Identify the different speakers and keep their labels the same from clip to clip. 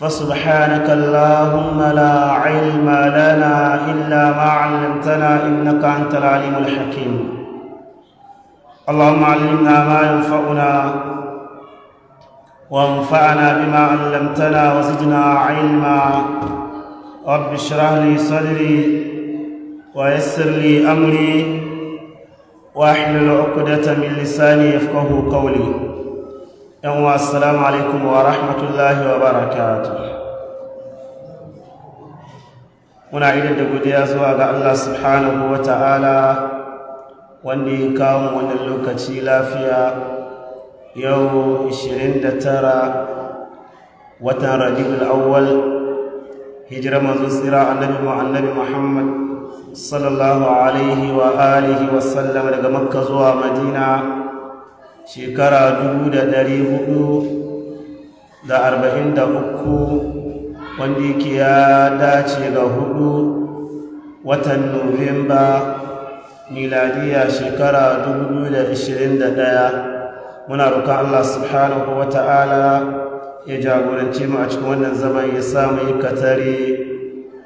Speaker 1: فسبحانك اللهم لا علم لنا إلا ما علمتنا إنك أنت العليم الحكيم اللهم علمنا ما ينفعنا وانفعنا بما علمتنا وزدنا علما رب اشرح لي صدري ويسر لي أمري واحلل عقدة من لساني يفقه قولي yan wa assalamu alaikum wa rahmatullahi wa barakatu muna idan da godiya zuwa ga Allah subhanahu wa ta'ala wanda ya kawo wannan lokaci lafiya yau 29 watan rabiul awwal hijira manzo tsira annabi mu annabi muhammad sallallahu alaihi wa alihi wa sallam daga makka zuwa madina shekara dubu da dari hudu da arba'in da uku wanda yake ya dace ga hudu watan nuwamba miladiya shekara dubu da ishirin da ɗaya muna roƙon allah subhanahu wa ta'ala ya jagoranci mu a cikin wannan zaman ya samu yi katare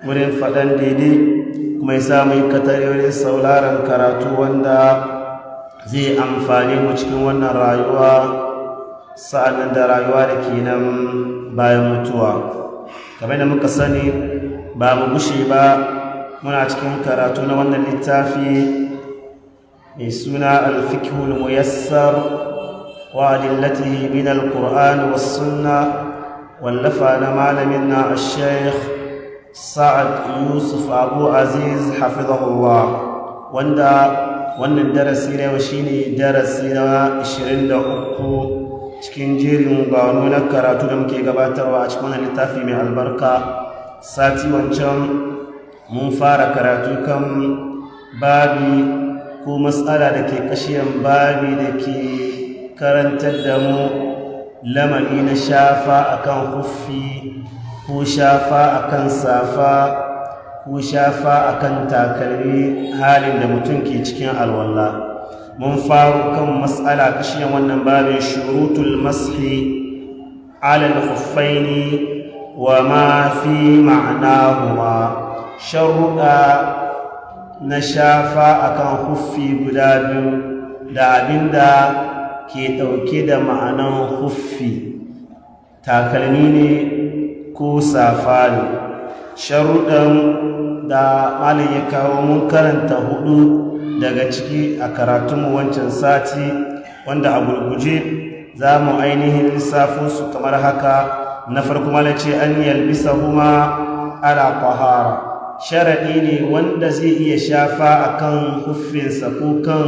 Speaker 1: wurin faɗan daidai kuma ya samu yi katare wurin sauraron karatu wanda zai amfani mu cikin wannan rayuwa sa'annan da rayuwa da ke nan bayan mutuwa kamar da muka sani ba mu gushe ba muna cikin karatu na wannan littafi mai suna alfikihul muyassar wa adillatihi min alqur'ani was sunna wallafa na malamin na ash-shaykh sa'ad yusuf abu aziz hafizahullah wanda wannan darasi na yau shine darasi na 23 cikin jerin gwano na karatu da muke gabatarwa a cikin littafi mai albarka sati wancan mun fara karatu kan babi ko matsala da ke kashiyan babi da ke karantar da mu lamari na shafa akan huffi ko shafa akan safa ko shafa a kan takalmi halin da mutum ke cikin alwala mun faru kan matsala kashiyan wannan babin shurutul mashi alal khuffaini wa ma fi ma'anahuma sharuɗa na shafa akan huffi guda biyu da abinda ke ɗauke da ma'anan huffi takalmi ne ko safari. ne sharuɗan da malin ya kawo mun karanta hudu daga ciki a karatunmu wancan sati wanda a gurguje za mu ainihin lissafin su kamar haka na farko malin ce an yalbisa huma ala kwahara sharaɗi ne wanda zai iya shafa akan hufinsa ko kan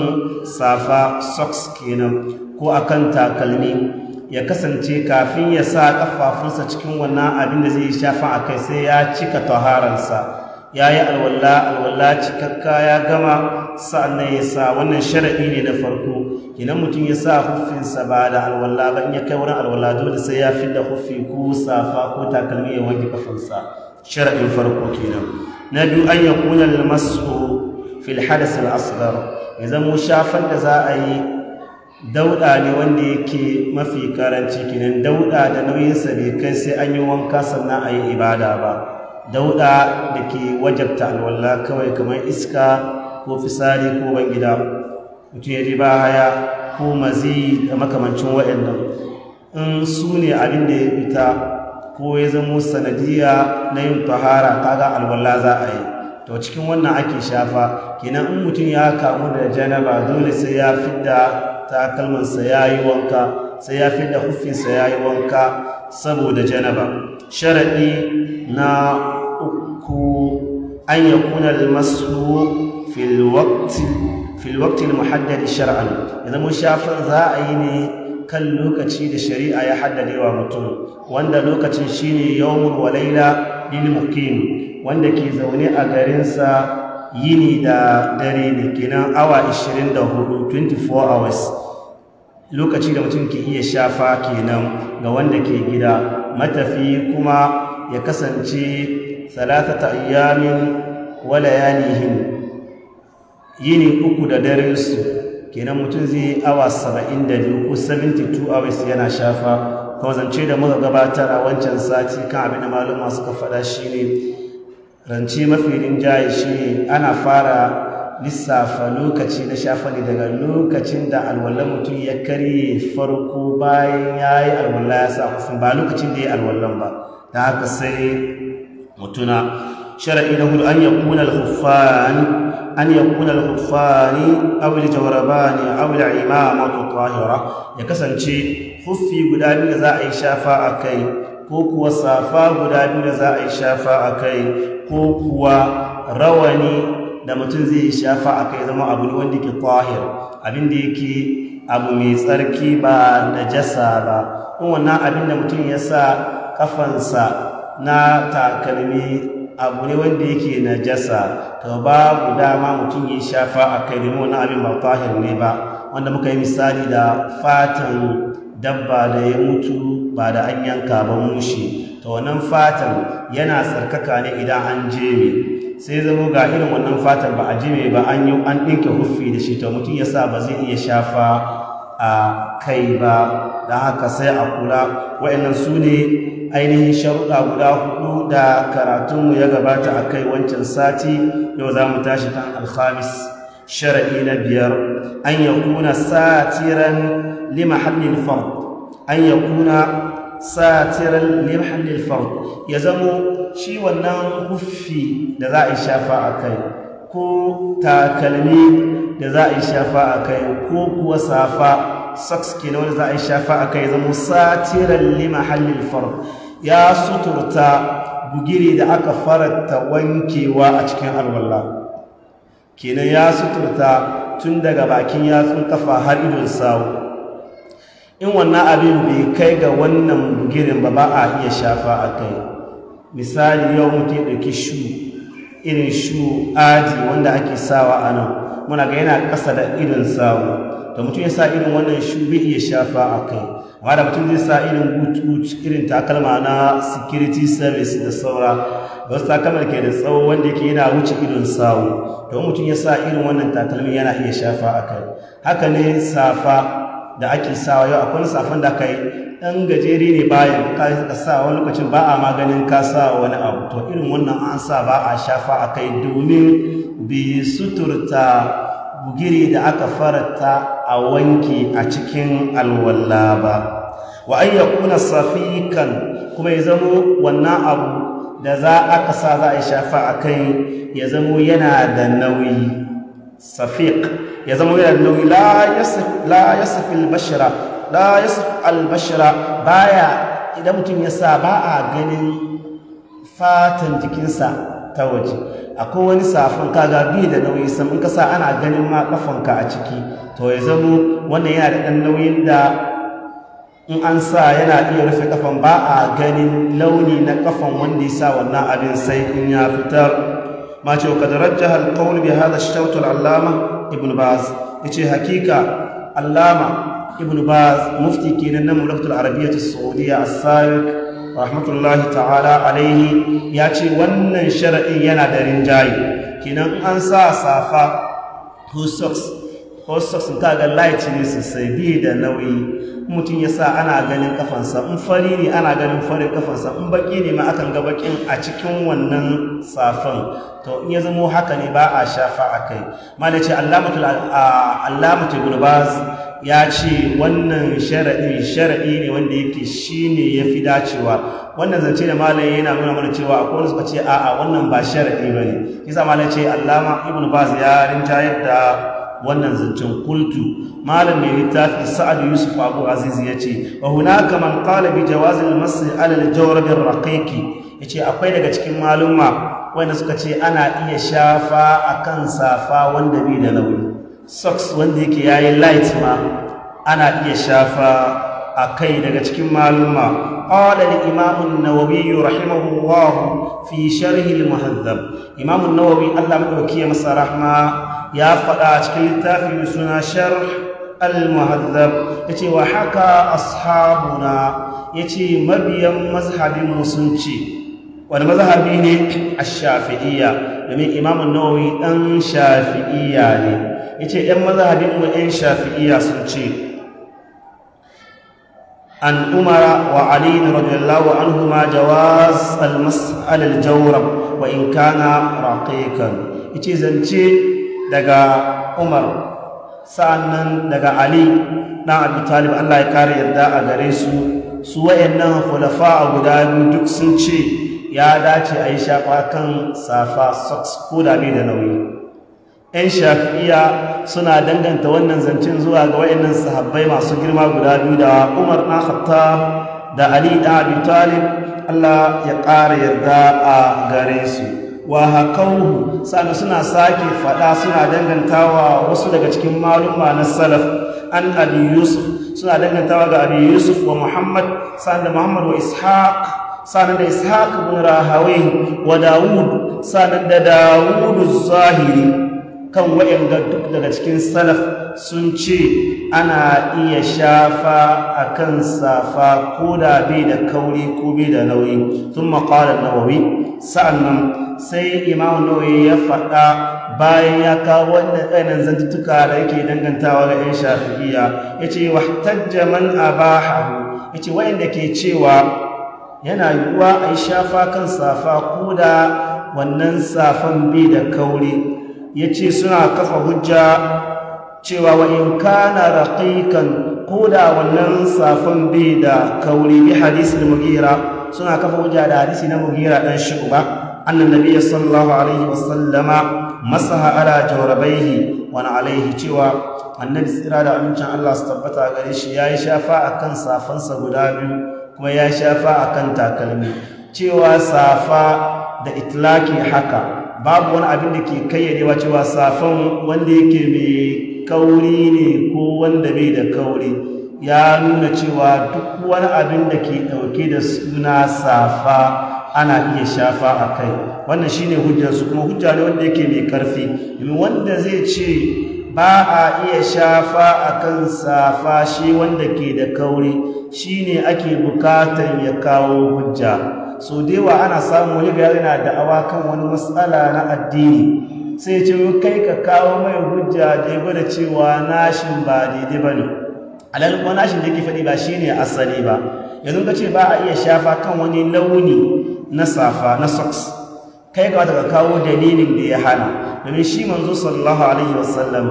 Speaker 1: safa socks kenan ko akan takalmi ya kasance kafin ya sa kafafunsa cikin wannan abin da zai shafa a kai sai ya cika taharansa ya yi alwalla alwalla cikakka ya gama sa'annan ya sa wannan sharaɗi ne na farko idan mutum ya sa huffinsa ba da alwalla ba in ya kai wurin alwalla dole sai ya fi da huffi ko safa ko takalmi ya wanke kafansa sharaɗin farko kenan na biyu an ya kunan masu fil hadas al ya zamo shafan da za a yi dauda ne wanda yake mafi karanci Kinan dauda da nauyinsa bai kai sai an yi wanka sannan a yi ibada ba dauda da ke wajabta alwalla, kawai kamar iska ko fisari ko bangida mutum ya ji ba haya ko mazi da makamancin waɗannan in su ne abin da ya fita ko ya zamo sanadiya na yin tahara kaga alwalla za a yi to cikin wannan ake shafa kenan in mutum ya kamu da janaba dole sai ya fidda takalmansa ya yi wanka sai ya fi da hufinsa ya yi wanka saboda janaba sharaɗi na uku an ya kuna masu filwaktil muhaddadi shara'an. ya mun shafin za a yi ne kan lokaci da shari'a ya haddade wa mutum wanda lokacin shine yawon walaila lil wanda ke zaune a garinsa yini da dare ne kenan awa 24 24 hours lokaci da mutum ke iya shafa kenan ga wanda ke gida matafi kuma ya kasance ta ayyamin wa layalihim yini uku da dare su kenan mutum zai awa 72 ko 72 hours yana shafa kawazance da muka gabatar a wancan sati kan abin da maluma suka faɗa ne. Ranci mafi rinjaye shi ana fara lissafa lokaci na shafali daga lokacin da alwallon mutum ya karye farko bayan ya yi alwallon ya sa kufin ba lokacin da ya yi alwallon ba da haka sai mutuna shara'i na hudu an ya kuna alhufani an ya kuna alhufani awil jawarabani awil imamatu tahira ya kasance huffi guda biyu da za a yi shafa a kai ko kuwa safa guda biyu da za a yi shafa a kai ko kuwa rawani da mutum zai yi shafa a kai zama abu ne wanda ke kwahir abin da yake abu mai tsarki ba da jasa ba in wannan abin da mutum ya sa kafansa na takalmi abu ne wanda yake na jasa to babu dama mutum ya shafa a kai domin wani abin ba kwahir ne ba wanda muka yi misali da fatan dabba da ya mutu ba da an yanka ba mushi ta wannan fatan yana tsarkaka ne idan an jeme sai zama ga irin wannan fatan ba a jeme ba an yi an ɗinke huffi da shi ta mutum ya sa ba zai iya shafa a kai ba da haka sai a kula wa'annan su ne ainihin sharuɗa guda hudu da karatunmu ya gabata a kai wancan sati yau za mu tashi ta alhamis shara'i na biyar an kuna satiran lima hannun fam. an kuna satiran limhallil fard ya zamo shi wannan kufi da za a shafa a kai ko takalmi da za a shafa a kai ko kuwa safa socks ke wanda za a shafa a kai ya zamo satiran limhallil fard ya suturta bugiri da aka farata wankewa a cikin alwala kenan ya suturta tun daga bakin yatsun kafa har idon sawo in wannan abin bai kai ga wannan girin ba ba a iya shafa a kai misali yau mutu ya ɗauki shu irin shu aji wanda ake sawa a nan muna ga yana ƙasa da irin sawu da mutum ya sa irin wannan shu bai iya shafa a kai amma da mutum zai sa irin boot irin takalma na security service da saura da wasu takalmar ke da tsawo wanda yake yana wuce irin sawu da mutum ya sa irin wannan takalmin yana iya shafa a kai haka ne safa da ake sawa yau akwai safan da aka ɗan gajeri ne bayan ka suka sa wani lokacin ba a maganin ka sa wani abu to irin wannan an sa ba a shafa a kai domin bi suturta bugiri da aka farata a wanki a cikin alwalla ba wa an ya kuna safikan kuma ya zamo wannan abu da za aka sa za a shafa a kai ya zamo yana da nauyi safiq ya zama yana nauyi la ya safi albashira la baya idan mutum ya sa ba a ganin fatan jikinsa ta waje akwai wani safin kaga bi da nauyi sam in ka ana ganin ma kafanka a ciki to ya zamo wannan yana da ɗan nauyin da in an sa yana iya rufe kafan ba a ganin launi na kafan wanda ya sa wannan abin sai in ya fitar ma ce kad rajjaha alqawl bi hadha shautar allama ibn baz yace hakika allama ibn baz mufti kenan na mulaktar arabiyyah Saudiya a as rahmatullahi ta'ala alaihi ya ce wannan shara'in yana da rinjaye kinan an sa safa who socks wasu sun kaga laici ne sosai bi da nauyi mutum ya sa ana ganin kafansa in fari ne ana ganin farin kafansa in baki ne ma akan ga bakin a cikin wannan safan to in ya zamo haka ne ba a shafa a kai ce, allamatu gulbaz ya ce wannan shara'i shara'i ne wanda yake ne ya fi dacewa wannan zance da malami yana nuna mana cewa akwai wani suka ce a'a wannan ba shara'i ba ne kisa malam ce allama ibn baz ya rinta yadda wannan zancen kultu malam mai littafi sa'ad yusuf abu aziz ya ce wa hunaka man qala bi jawazil masri ala al-jawrab Ya ce akwai daga cikin maluma wanda suka ce ana iya shafa kan safa wanda bai da nauyi socks wanda yake yayi light ma ana iya shafa a kai daga cikin maluma قال الإمام النووي رحمه الله في شرح المهذب إمام النووي الله مدوكي مصر ya faɗa a cikin littafi mai suna shar al-muhazzab ya ce wa haka ashabuna ya ce mabiyan mazhabin musunci wani mazhabi ne a shafi'iyya domin imamun nawawi ɗan shafi'iyya ne ya ce ‘yan mazhabin mu ‘yan shafi'iyya sun ce’ عن عمر وعلي رضي الله عنهما جواز المسأل الجورب وإن كان رقيقا يتي زنتي daga umar sa'annan daga ali na abu talib allah ya kare yarda a gare su su wa'annan hulafa a guda biyu duk sun ce ya dace a yi shafa kan safa socks ko da da nauyi 'yan shafi'iya suna danganta wannan zancen zuwa ga wa'annan sahabbai masu girma guda biyu da umar na hatta da ali da abu talib allah ya ƙara yarda a gare su wa haƙauhu sannan suna sake faɗa suna dangantawa wasu daga cikin maluma na salaf an abi yusuf suna dangantawa ga abi yusuf wa muhammad sannan da muhammad wa ishaq sannan da ishaq bin rahawai wa dawud sannan da dawudu zahiri kan wa'in duk daga cikin salaf sun ce ana iya shafa a kan safa ko da bai da kauri ko bai da nauyi sun maƙalar nawawi sa'annan sai imam nawawi ya faɗa bayan ya kawo wannan tsanin zantuttuka da yake dangantawa ga 'yan shafi'iya ya ce wa tajjaman abahahu ya ce waɗanda ke cewa yana yiwuwa a yi shafa kan safa ko da wannan safan bai da kauri ya ce suna kafa hujja cewa wa in kana raqiqan koda wannan safan bi da kauri bi da mugira suna kafa wuja da hadisi na mugira dan shuba annabi sallallahu alaihi wasallama masaha ala jawrabaihi wa alaihi cewa annabi tsira da amincin Allah su tabbata gare shi yayi shafa akan safan sa guda biyu kuma ya shafa akan takalmi cewa safa da itlaki haka babu wani abin da ke kayyadewa cewa safan wanda yake mai kauri ne ko wanda bai da kauri ya nuna cewa duk wani abin da ke dauke da suna safa ana iya shafa a kai wannan shine hujjarsu kuma hujja ne wanda yake mai ƙarfi domin wanda zai ce ba a iya shafa a kan safa shi wanda ke da kauri shine ake bukatar ya kawo hujja so dewa ana samun wani gari na da'awa kan wani matsala na addini sai ce kai ka kawo mai hujja da cewa nashin ba daidai ba ne alal nashin da ke faɗi ba shine asali ba yanzu ka ce ba a iya shafa kan wani launi na safa na socks kai ga daga kawo dalilin da ya hana domin shi manzo sallallahu alaihi wasallam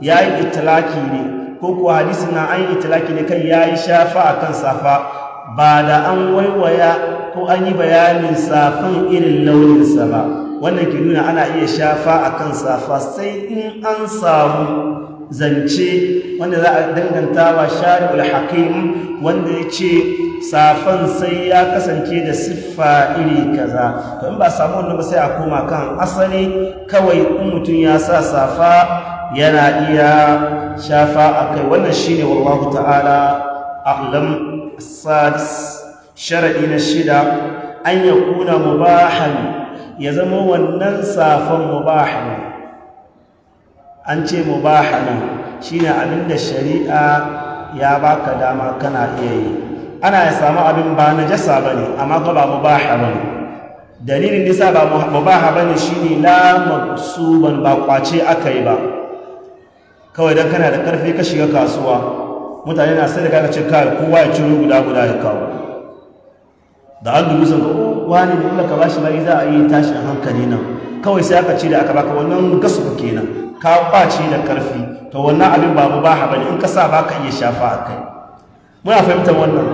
Speaker 1: ya yi itilaki ne ko kuwa hadisi na an yi italaki ne kan ya yi shafa a kan safa ba da an waiwaya ko an yi bayanin safan irin launinsa ba wannan ke nuna ana iya shafa a kan safa sai in an samu zance wanda za a danganta wa shari'ul hakim wanda ya ce safan sai ya kasance da siffa iri kaza to in ba samu wannan ba sai a koma kan asali kawai in mutum ya sa safa yana iya shafa a kai wannan shine wallahu ta'ala a'lam sadis sharadi na shida an yakuna mubahan ya zama wannan safon mubahana an ce mubahana shine abinda shari'a ya baka dama kana iya yi ana ya samu abin ba na jasa ba ne, amma ko ba mubaha ne. dalilin nisa ba mubaha ne shine la ban ba kwace aka yi ba kawai dan kana da karfi ka shiga kasuwa mutane na sai da kaga ce kawai kowa ya ciro guda guda ya kawo da an dubu sun wani da kula ka bashi bari za a yi tashin hankali nan kawai sai aka ci da aka baka wannan gasu kenan ka kwaci da karfi to wannan abin babu ba ha in ka sa ka iya shafa a kai muna fahimtar wannan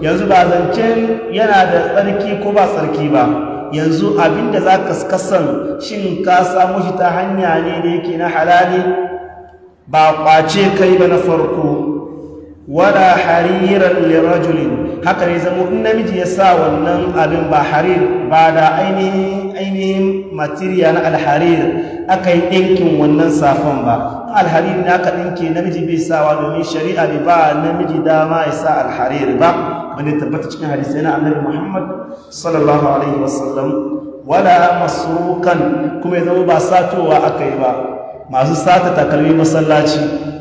Speaker 1: yanzu ba zance yana da tsarki ko ba tsarki ba yanzu abin da za ka kasan shin ka samu shi ta hanya ne da yake na halali ba kwace kai ba na farko wala hariran lirajulin haka ne zama in namiji ya sa wannan abin ba harir ba da ainihin matiriya na alharir aka yi ɗinkin wannan safon ba alharir da aka ɗinke namiji bai sawa domin shari'a ne ba namiji dama ya sa alharir ba wanda tabbata cikin hadisai na annabi muhammad sallallahu alaihi wasallam wala masurukan kuma ya zama ba satowa aka yi ba masu sata takalmi masallaci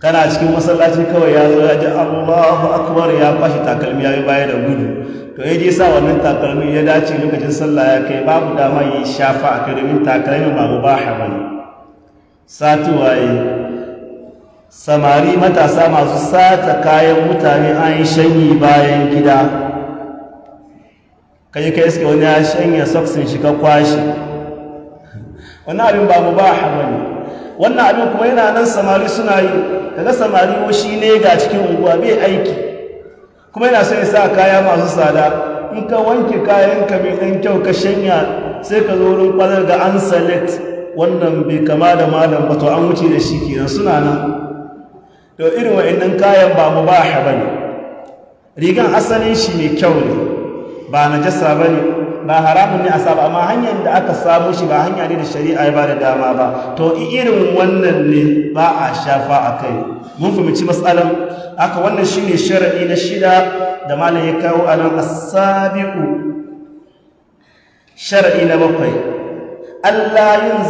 Speaker 1: kana cikin masallaci kawai ya zo ya ji Allahu akbar ya kwashe takalmi ya yi baya da gudu to ya je sa wannan takalmi ya dace lokacin sallah ya kai babu dama yi shafa a kai domin takalmin ba mubaha bane Satu waye. samari matasa masu sata kayan mutane an yi shanyi bayan gida kai kai suke wani ya shanya soksin shi ka kwashi wani abin ba mu ba a wannan abin kuma yana nan samari suna yi kaga samari shi ne ga cikin unguwa bai aiki kuma yana son ya sa kaya masu tsada in ka wanke kayan ka mai dan kyau ka shanya sai ka zo wurin kwanar da an select wannan bai kama da malam ba to an wuce da shi kenan suna nan to irin wa'annan kayan ba mu ba ne rigan asalin shi mai kyau ne ba najasa bane ba haramun ne a saba amma hanyar da aka samu shi ba hanya ne da shari'a ya ba da dama ba to irin wannan ne ba a shafa a kai mun fahimci matsalar haka wannan shine shara'i na shida da malam ya kawo a nan asabi'u shara'i na bakwai Allah yin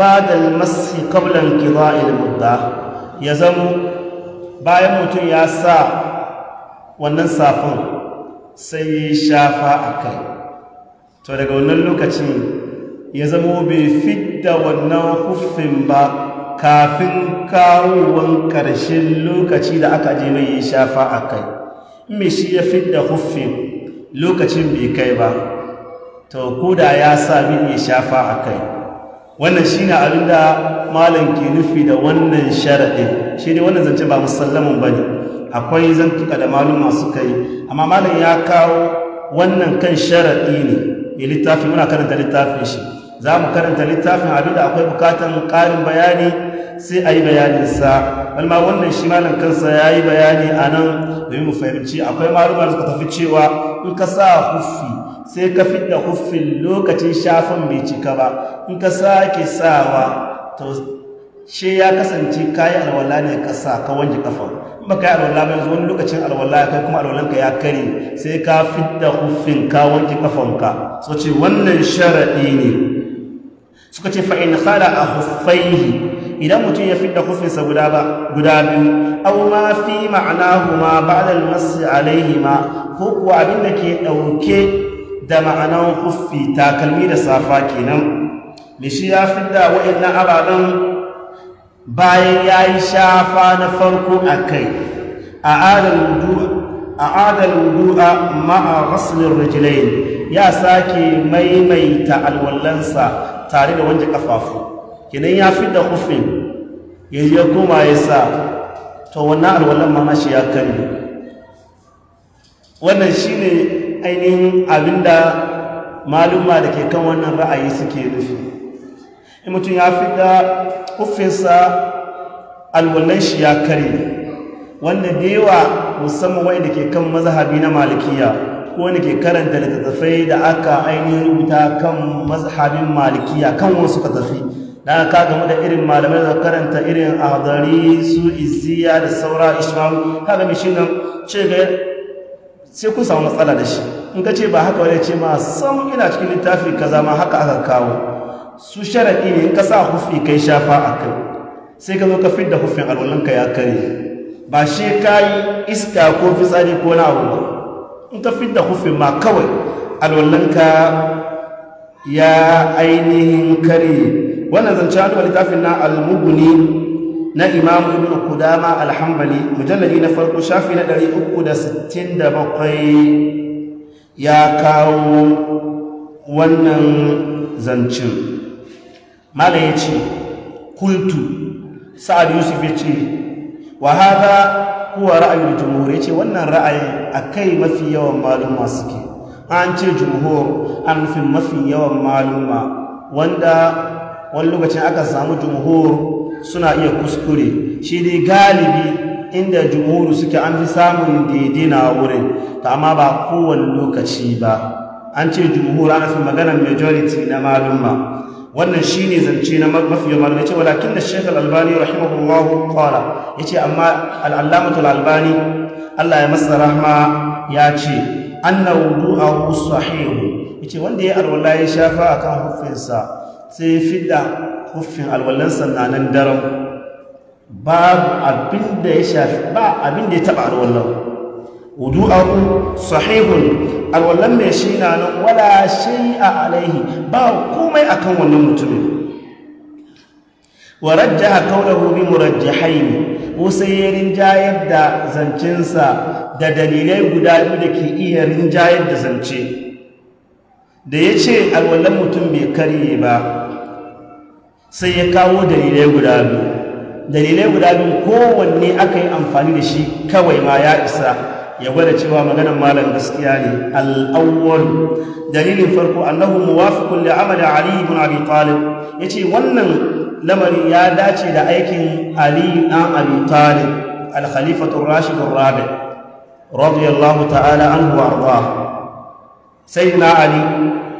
Speaker 1: ba da masu kablan kira ilmudda ya zamo bayan mutum ya sa wannan safon sai ya shafa a kai to daga wannan lokacin ya zama bai fidda wannan hufin ba kafin kawowar ƙarshen lokaci da aka je mai shafa a kai mai shi ya fidda hufin lokacin bai kai ba to koda ya sami mai shafa a kai wannan shi ne abin da malam ke nufi da wannan sharaɗin shi ne wannan zance ba musallamun ba ne akwai zantuka da maluma masu kai, amma malam ya kawo wannan kan sharaɗi ne yi littafi muna karanta littafin shi za mu karanta littafin da akwai bukatan karin bayani sai a yi bayaninsa balma wannan shi malam kansa ya yi bayani a nan domin mu fahimci akwai malumar suka tafi cewa in ka sa huffi sai ka fidda huffin lokacin shafin bai cika ba in ka sake sawa to shi ya kasance kayi alwala ne ka sa ka wanke ƙafa. baka yi alwala ba wani lokacin alwala ya kai kuma alwalanka ya kare sai ka fitta huffin ka wanke kafanka so ce wannan sharaɗi ne suka ce fa'in hada a hufaihi idan mutum ya fitta huffinsa guda guda biyu abu ma fi ma'ana huma ba'dal masu alaihi ma ko kuwa abin da ke ɗauke da ma'anan huffi takalmi da safa kenan mishi ya fidda wa'in na ababen bayan ya yi shafa na farko a kai a adal wudu'a ma'a rasulun rijilain ya sake maimaita alwallansa tare da wanda kafafu kinan ya fi da hufin ya yi ya sa to wannan alwallan ma shi ya kari wannan shine ainihin abinda maluma da ke kan wannan ra'ayi suke nufi in mutum ya fi fita ofinsa alwallon shi ya kare wanda da yawa musamman wani da ke kan mazhabi na malikiya ko wani ke karanta da tafai da aka ainihin rubuta kan mazhabin malikiya kan wasu ka tafi na aka game da irin malamai da karanta irin ahdari su iziya da saura ishmael mai shi nan ce ga sai kun samu matsala da shi in ka ce ba haka wani ce ma sam ina cikin littafi kaza ma haka aka kawo su sharaɗi ne in ka sa hufi kai shafa a kai sai ka zo ka fidda hufin alwalanka ya kare ba shi ka yi iska ko fitsari ko na abu ba in ka fidda hufin ma kawai alwalanka ya ainihin kare wannan zance wani littafin na almuguni na imamu ibn kudama alhambali mujallari na farko shafi na 367 ya kawo wannan zancin mala ya ce kultu sa'ad yusuf ya ce wa haɗa kuwa ra'ayin jumhur ya ce wannan ra'ayi a kai mafi yawan maluma suke an ce jumhur an nufin mafi yawan maluma wanda wani lokacin aka samu jumhur suna iya kuskure shi dai galibi inda jumhur suke an fi samun na wurin ta amma ba kowane lokaci ba an ce jumhur an fi maganar majority na maluma wannan shine zance na mafi yamal yace walakin da shaykh albani rahimahullahu qala yace amma al albani Allah ya masa rahma yace anna wudu'ahu sahih yace wanda ya alwala ya shafa akan huffinsa sai da huffin alwallansa na nan daram ya shafi ba abinda ya taba alwallan abu sahihun alwallon mai shi na nan wala a alaihi ba komai akan wannan mutumin wa rajjaha qawluhu bi murajjahayn usay rinjayar da zancensa da dalilai guda biyu da ke iya rinjayar da zance da ya ce alwallon mutum bai karye ba sai ya kawo dalilai guda biyu dalilai guda biyu kowanne aka yi amfani da shi kawai ma ya isa ya gwada cewa maganar malam gaskiya ne al'awwal dalilin farko annahu muwafiqun li amali ali ibn abi talib yace wannan lamari ya dace da aikin ali dan abi talib al khalifatu rashid ar-rabi radiyallahu ta'ala anhu arda sayyidina ali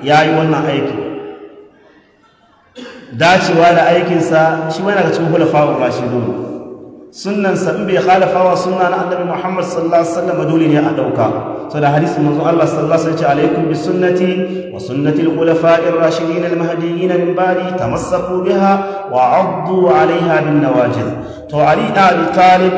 Speaker 1: yayi wannan aiki dacewa da aikinsa shi wani daga cikin hulafa'ur rashidun Sunansa sa in bai khalafa wa sunna na annabi Muhammad sallallahu alaihi wasallam dole ne a dauka so da hadisi manzo Allah sallallahu alaihi wasallam alaikum bi sunnati wa sunnati al-khulafa'i ar-rashidin al-mahdiyyin min ba'di tamassaku biha wa 'addu 'alayha bin nawajid to Ali Abi Talib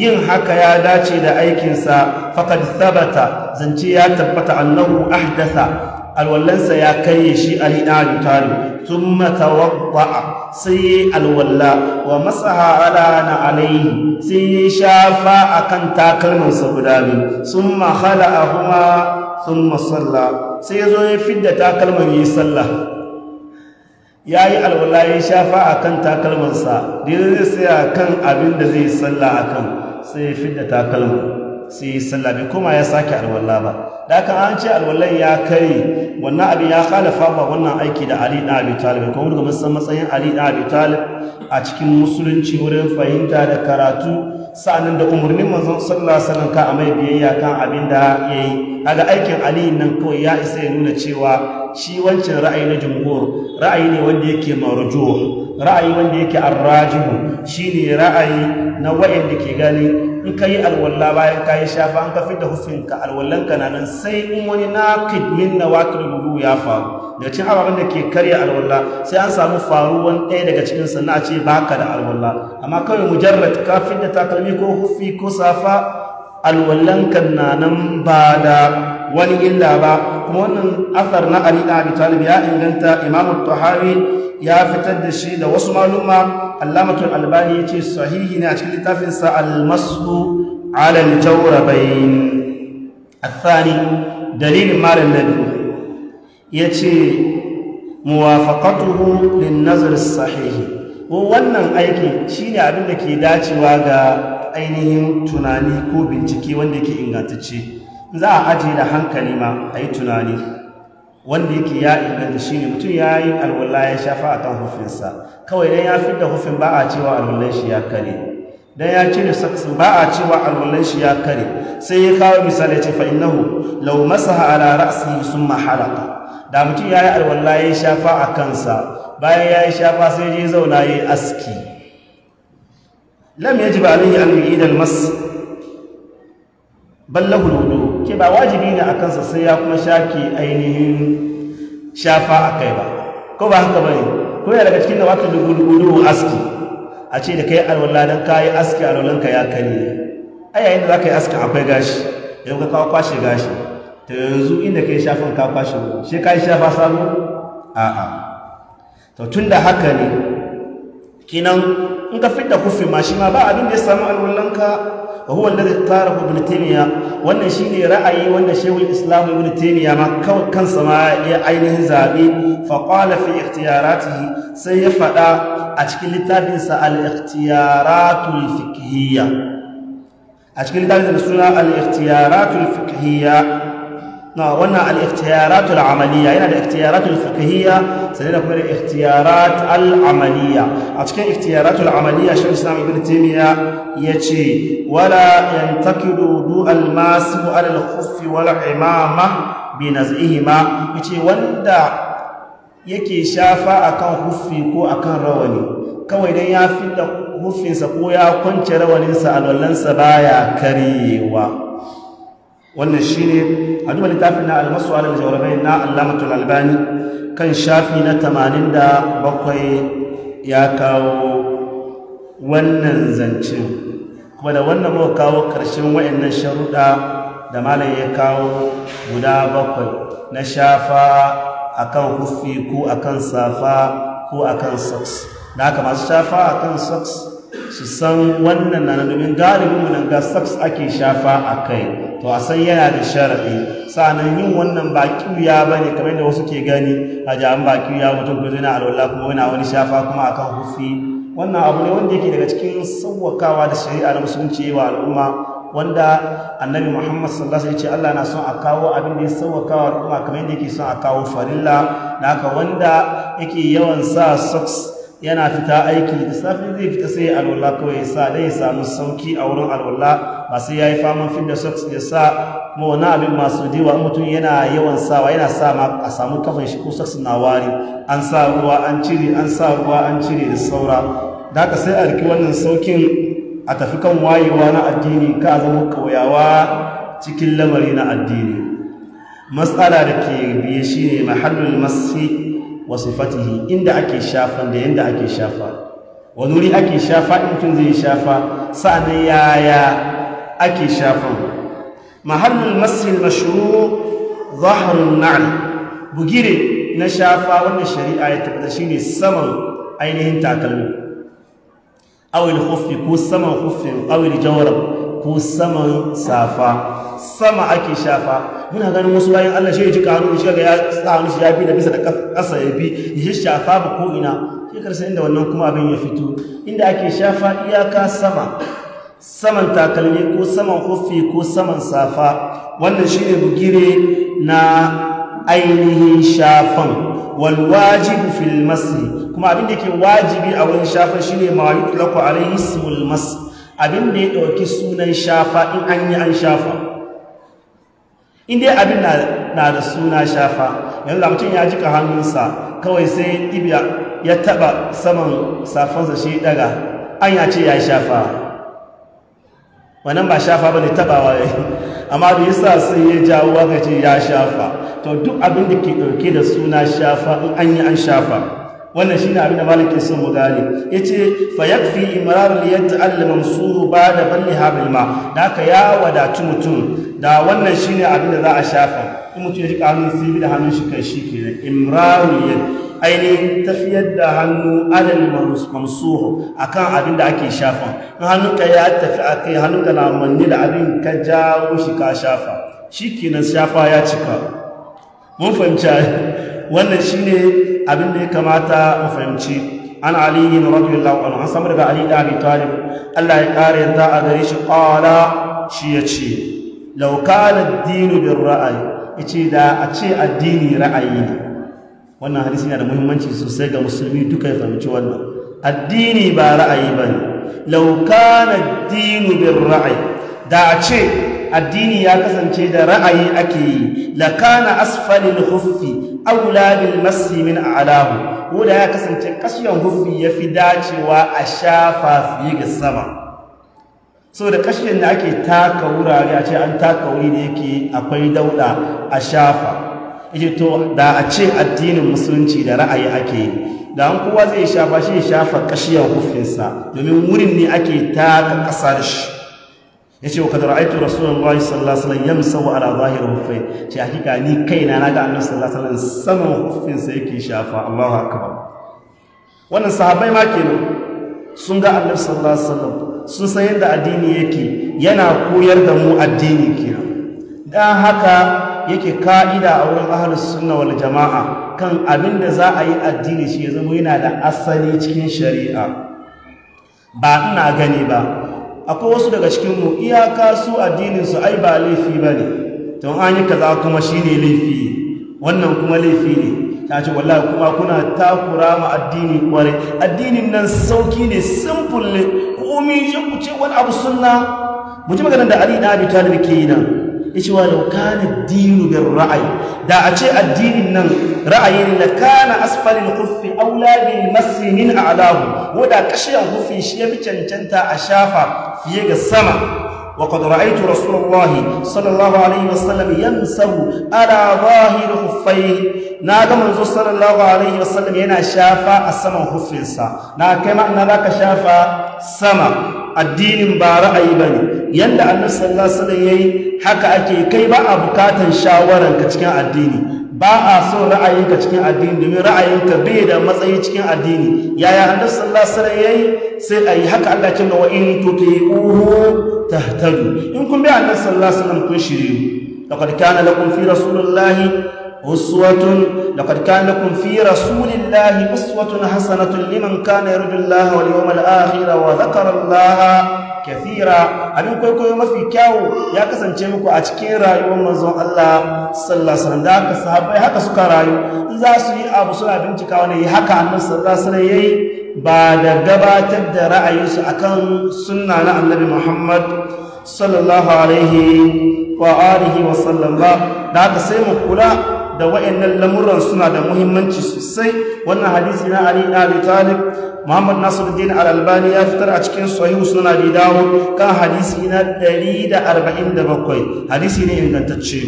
Speaker 1: yin haka ya dace da aikinsa faqad thabata zance ya tabbata annahu ahdatha alwallansa ya kai shi Ali Abi Talib thumma tawabba'a sai alwala wa masaha ala na alaihi sai ya shafa akan takalmansa guda biyu thumma khala'ahuma thumma salla sai ya zo ya fidda takalman yi sallah ya yi alwala ya shafa akan takalmansa da zai tsaya kan abin da zai sallah akan sai ya fidda takalman sai yi sallah kuma ya sake alwallah ba da aka an ce alwallah ya kai. wannan abin ya khalafa ba wannan aiki da Ali na Abi Talib kuma musan matsayin Ali dan Abi Talib a cikin musulunci wurin fahimta da karatu sa'anin da umarnin manzon sallallahu alaihi wasallam ka amai biyayya kan abin da yayi kaga aikin Ali nan kawai ya isa ya nuna cewa shi wancan ra'ayi na jumhur ra'ayi ne wanda yake marju ra'ayi wanda yake arrajihu shine ra'ayi na wayanda ke gani in ka yi alwalla bayan ka yi shafa an ka da hufinka alwallanka ka na nan sai in wani kidmin na nawaqid rubu ya faru daga cikin ababen da ke karya alwalla sai an samu faruwan ɗaya daga cikin sa na ce baka da alwalla amma kawai mujarrad ka da takalmi ko hufi ko safa alwallan ka na nan ba da wani illa ba kuma wannan athar na Ali da Abi Talib ya inganta Imam Tahawi ya fitar da shi da wasu maluma Allamatul Albani yace sahihi ne a cikin littafin sa Al-Mashu ala al-Jawrabayn الثاني دليل مال النبي يتي موافقته للنظر الصحيح wannan aiki shine abin da ke dacewa ga ainihin tunani ko bincike wanda yake ingantacce za a ajiye da hankali ma a yi tunani wanda yake ya inganta shi ne mutum ya yi alwala ya shafa a kan hufinsa kawai dan ya fi da hufin ba a cewa alwallan shi ya kare dan ya cire saksin ba a cewa alwallan shi ya kare sai ya kawo misali ce "Fa'inahu, innahu law masaha ala ra'asi sun mahalaka da mutum ya yi alwala ya shafa a kansa bayan ya yi shafa sai ya zauna ya yi aski lam yajib alayhi an yu'ida al-mas bal lahu ke ba wajibi ne a kansa sai ya kuma shaki ainihin shafa a kai ba ko ba haka bane ko ya daga cikin dubu gudu aski a ce da kai alwala ka yi aski alwalan ka ya kare a yayin da za ka yi aski akwai gashi yau ka kawo kwashe gashi ta yanzu inda kai shafin ka kwashe shi yi shafa sabo a'a to da haka ne kinan in ka fidda kufi ma shi ma ba abin da ya samu alwallanka wa huwa alladhi tarahu ibn taymiya wannan shine ra'ayi wanda shaykhul islam ibn taymiya ma kawai kansa ma ya ainihin zabi fa qala fi ikhtiyaratihi sai ya fada a cikin littafin sa al ikhtiyaratul fiqhiyya a cikin littafin suna al ikhtiyaratul fiqhiyya na wannan al-ikhtiyaratul amaliya yana da ikhtiyaratul fiqhiyya sai da kuma da ikhtiyarat al-amaliya a cikin ikhtiyaratul amaliya shi Islam Ibn ya yace wala yantakidu du al-masu ala al-khuff wal imama bi naz'ihima yace wanda yake shafa akan hufi ko akan rawani kawai dan ya da huffinsa ko ya kwance rawaninsa alwallansa baya karyewa wannan shine a duba littafin na almasu da jawarabai na alamatul albani kan shafi na tamanin da bakwai ya kawo wannan zancen kuma da wannan muka kawo ƙarshen wa'annan sharuɗa da malam ya kawo guda bakwai na shafa akan hufi ko akan safa ko akan socks da haka masu shafa akan socks su san wannan na domin galibin mu ga socks ake shafa a kai to a san yana da sharaɗi sa'anan yin wannan ba kiwiya ba ne kamar yadda wasu ke gani a jami'an ba kiwiya mutum ko zai na alwala kuma yana wani shafa kuma akan hufi wannan abu ne wanda yake daga cikin sauwakawa da shari'a na musulunci wa al'umma wanda annabi muhammad sallallahu alaihi wasallam ya ce Allah na son a kawo abin da ya sauwakawa al'umma kamar yadda yake son a kawo farilla na haka wanda yake yawan sa socks yana fita aiki da safe zai fita sai alwala kawai ya sa dai ya samu sauki a wurin alwala ba sai ya yi faman fit da socks ya sa mu wani abin masu diwa mutum yana yawan sawa yana sa ma a samu kafan shi ko socks na wari an sa ruwa an cire an sa ruwa an cire da saura da haka sai a riki wannan saukin a tafi kan wayewa na addini ka zama kauyawa cikin lamari na addini matsala da ke biye shine mahallul masi wa sifatihi inda ake shafan da yanda ake shafa wani wuri ake shafa in mutum zai shafa sa'annan yaya ake shafan mahallin masjid mashuru zaharun na'al bugire na shafa wannan shari'a ya tabbata shine saman ainihin takalmi awil khuffi ko saman khuffin awil jawarab ko saman safa sama ake shafa muna ganin wasu bayan Allah shi ya ji karu shi ga ya tsawon shi ya bi da bisa da kasa ya bi ya shafa ba ko ina sai karsa inda wannan kuma abin ya fito inda ake shafa iyaka sama saman takalmi ko saman hufi ko saman safa wannan shi ne bugire na ainihin shafan walwajibu fil kuma abin da ke wajibi a wani shafan shi ne ma yutlaku alaihi ismul masr abin ya ɗauki sunan shafa in an yi an shafa Inda dai abin na da suna shafa yanzu da mutum ya jika hannunsa kawai sai ibiya ya taɓa saman safansa shi daga an ya ce ya shafa wannan ba shafa ba bane tabawa yi amma da yasa sai ya jawo aka ce ya shafa to duk abin da ke dauke da suna shafa in an yi an shafa wannan shine abin da malik sun mu gane yace fa yakfi imrar li yata'allam mamsuru ba'da balliha bil ma da ya wadaci mutum da wannan shine abin da za a shafa in mutum ya ji kanun sai bi da hannun shi kai shi kenan imrar li ainihin tafiyar da hannu alal a akan abin da ake shafa in ka ya tafi akai hannunka na manni da abin ka jawo shi ka shafa shikenan shafa ya cika mun fahimci wannan shine abin da ya kamata mu fahimci an ali radiyallahu anhu an samu daga ali da abi talib Allah ya kare yadda a gare shi kwala, shi ya ce laukalar dinu bin ra'ayi ra'ayi ce da a ce addini ra'ayi ne wannan hadisi yana da muhimmanci sosai ga musulmi duka ya fahimci wannan addini ba ra'ayi ba ne laukana dinu bin ra'ayi da a ce addini ya kasance da ra'ayi ake yi lakana asfalin huffi aula bil masi min alahu ko da ya kasance kashiyan huffi ya fi dacewa a shafa fiye ga sama so da kashiyan da ake taka wurare a ce an taka wuri da yake akwai dauda a shafa yace to da a ce addinin musulunci da ra'ayi ake yi da an kowa zai shafa shi shafa kashiyar hufinsa domin wurin ne ake taka ƙasa da shi ya ce wa kadar aitu bayi sallallahu alaihi wasallam yamsahu ala zahirar hufai ce hakika ni kaina na ga annan sallallahu alaihi saman hufinsa yake shafa Allahu akbar wannan sahabbai ma kenan sun ga annan sallallahu alaihi wasallam sun san yadda addini yake yana koyar da mu addini kira dan haka yake ka'ida a wurin ahlus sunna wal jama'a kan abin da za a yi addini shi ya zama yana da asali cikin shari'a ba ina gani ba akwai wasu daga cikin mu iyaka su addinin su ai ba laifi bane to an yi kaza kuma shine laifi wannan kuma laifi ne ta ce wallahi kuma kuna takura ma addini kware addinin nan sauki ne simple ne komai shi ku ce wani abu sunna mu ji maganar da Ali da Abi Talib ke yi nan cewa da kana dinu bin ra'ayi da a ce addinin nan ra'ayin da kana asfalin hufi aula bil masinin a'lahu wanda kashiyan hufin shi ya fi cancanta a shafa fiye ga sama wa qad ra'aytu rasulullahi sallallahu alaihi wasallam yamsahu ala zahir huffaihi na ga manzo sallallahu alaihi wasallam yana shafa a saman hufinsa na kai ma na shafa sama addinin ba ra'ayi ba ne yadda annabi sallallahu ya yi yayi haka ake kai ba a bukatan shawararka cikin addini ba a so ra'ayinka cikin addini domin ra'ayinka bai da matsayi cikin addini yaya annabi sallallahu ya yi, yayi sai yi haka Allah ya ce wa uhu ta tahtadu in kun bi annabi sallallahu alaihi wasallam kun shiriyu laqad kana lakum fi rasulullahi. أسوة لقد كان لكم في رسول الله أسوة حسنة لمن كان يرجو الله abin kwaikwayo mafi kyau ya kasance muku a cikin rayuwar manzon Allah sallallahu alaihi wasallam da haka haka suka rayu in za su yi abu suna bincika wani yi haka annabi sallallahu alaihi wasallam yayi ba da gabatar da ra'ayinsu akan sunna na annabi Muhammad sallallahu alaihi wa alihi wa sallam ba da haka sai mu kula da wa'annan lamuran suna da muhimmanci sosai wannan hadisi na Ali ibn Abi Talib Muhammad Nasiruddin Al-Albani ya fitar a cikin Sahih Sunan Abi Dawud kan hadisi na 147 hadisi ne ingantacce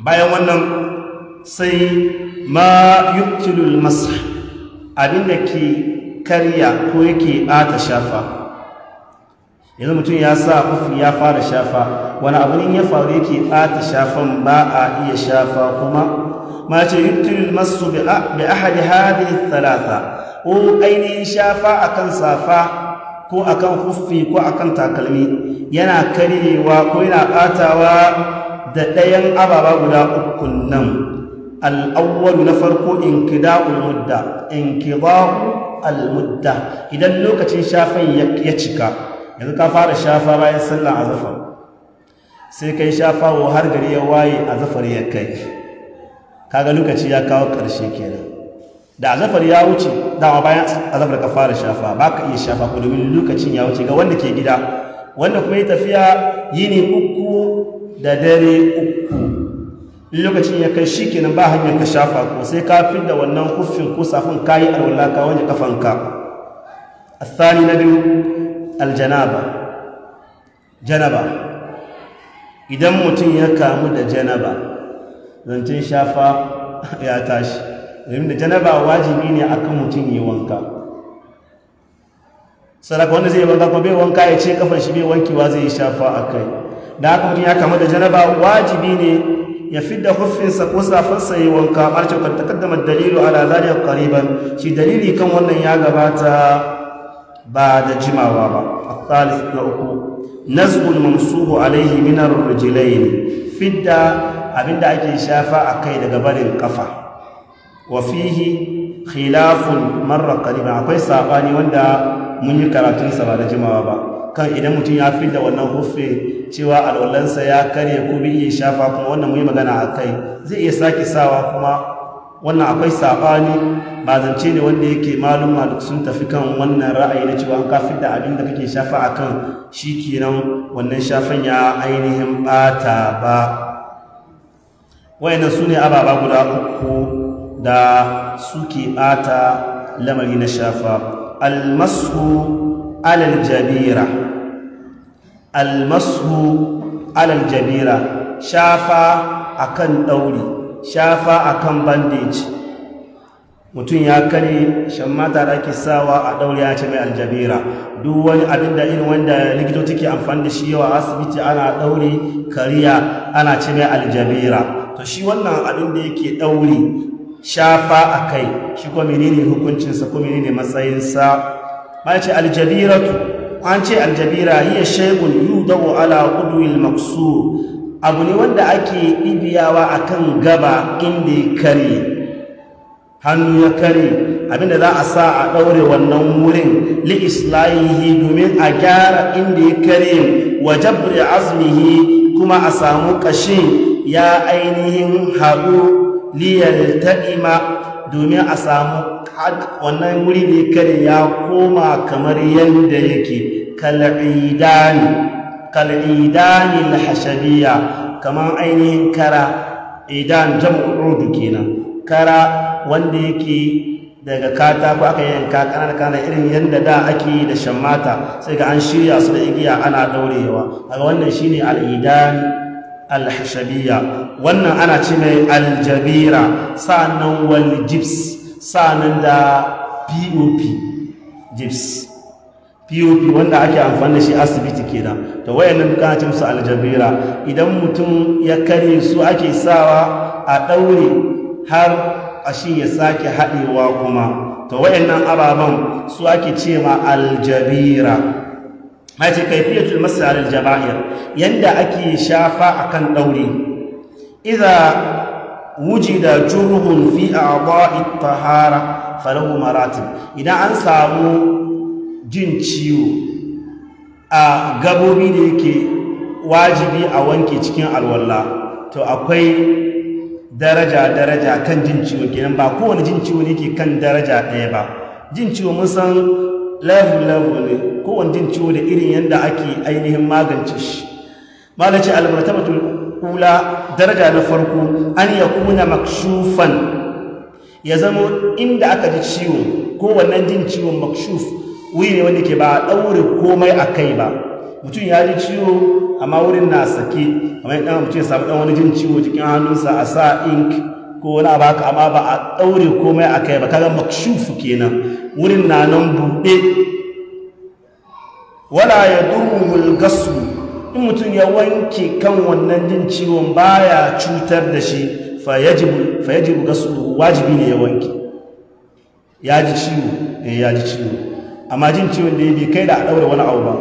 Speaker 1: bayan wannan sai ma yuktilul masah da ke karya ko yake bata shafa yanzu mutum ya sa kufi ya fara shafa wani abu ya faru yake ɓata shafan ba a iya shafa kuma ma ce yutulil masu bi ahadi hadi thalatha ko ainihin shafa akan safa ko akan kufi ko akan takalmi yana karewa ko yana ɓatawa da ɗayan ababa guda uku nan al'awwalu na farko inkida'ul mudda inkida'ul mudda idan lokacin shafan ya cika yanzu ka fara shafa bayan a azafar sai kai shafa wa har gari ya waye azafar ya kai kaga lokaci ya kawo ƙarshe kenan da azafar ya wuce dama bayan azafar ka fara shafa ba ka iya shafa ku domin lokacin ya wuce ga wanda ke gida wanda kuma yi tafiya yini uku da dare uku lokacin ya kai shi kenan ba hanyar ka shafa ko sai ka fi da wannan kuffin ko safin kayi alwala ka wanke kafanka tsari na biyu. aljanaba janaba idan mutum ya kamu da janaba zancen shafa ya tashi da janaba wajibi ne akan mutum yi wanka Sadaka wanda zai yi wanka kuma bai wanka ya ce kafan shi bai wankewa zai yi shafa a kai da haka mutum ya kamu da janaba wajibi ne ya fi da hufinsa ko safinsa yi wanka marcin kan takaddamar dalilu ala zariya kariban shi dalili kan wannan ya gabata ba da jimawa ba الثالث na uku nazbul mamsuhu alaihi min ar-rijlayn fidda abinda ake shafa akai daga barin kafa wa fihi khilafun marra qariba akwai sabani wanda mun yi karatun sa ba da jimawa ba kan idan mutum ya fidda wannan hufe cewa alwalansa ya karya ko bai iya shafa kuma wannan mun yi magana akai zai iya sake sawa kuma wannan akwai saɓani ba zance ne wanda yake malum maluk sun tafi kan wannan ra'ayi na cewa an kafin da abin da kake shafa a kan shi kenan wannan shafan ya ainihin bata ba wayannan su ne ababa guda uku da suke bata lamari na shafa almasu alal jabira almasu alal shafa akan ɗauri shafa a kan bandage mutum ya kare shammata da ake sawa a ɗaure ya ce mai aljabira duk wani abin da irin wanda likitoci ke amfani da shi yawa asibiti ana ɗaure kariya ana ce mai aljabira to shi wannan abin da yake ɗaure shafa a kai shi kuma menene hukuncinsa ko menene matsayinsa ba ce tu? an ce aljabira hiya shay'un yudawu ala qudwil maksur abu ne wanda ake ɗibiyawa a kan gaba inda ya kare hannu ya kare abinda za a sa a ɗaure wannan wurin li'islayihi domin a gyara inda ya kare wa jabri azmihi kuma a samu ƙashin ya ainihin haɗu liyar ta'ima domin a samu wannan wuri da ya kare ya koma kamar yadda yake kal'idani na hashabiya kamar ainihin kara idan jam'u kenan kara wanda yake daga katako aka yanka kanar kanar irin yadda da ake yi da shammata sai ga an shirya su da igiya ana daurewa daga wannan shine al'idan alhashabiya wannan ana ce mai aljabira sa'annan wal jips sa'annan da pop jips pop wanda ake amfani da shi asibiti ke da, to wayannan duka ce aljabira idan mutum ya kare su ake sawa a daure har shi ya sake haɗewa kuma to wayannan ababen su ake cewa ma aljabira haji kaifiyatul masal aljabair yanda ake shafa akan daure idza wujida jurhun fi a'dha'i tahara falahu maratib idan an samu jin ciwo a gabobi da yake wajibi a wanke cikin alwalla to akwai daraja-daraja kan jin ciwo ginin ba kowane jin ciwo ne ke kan daraja ɗaya ba jin ciwo mun san level-level ne kowane jin ciwo da irin yadda ake ainihin magance shi malace mutu kula daraja na farko an ya kuna makshufan ya zama inda aka ji ciwo kowane jin ciwon makshuf wuri ne wanda ke ba a ɗaure komai a kai ba mutum ya ji ciwo amma wurin na sake amma ya ɗan mutum ya samu ɗan wani jin ciwo cikin hannunsa a sa ink ko wani abu haka amma ba a ɗaure komai a kai ba kaga makshufu kenan wurin na nan buɗe wala ya durumul gasu in mutum ya wanke kan wannan jin ciwon baya cutar da shi fa yajibu gasu wajibi ne ya wanke ya ji ciwo eh, ya ji ciwo amma jin ciwon da ya bi kai da a ɗaura wani abu ba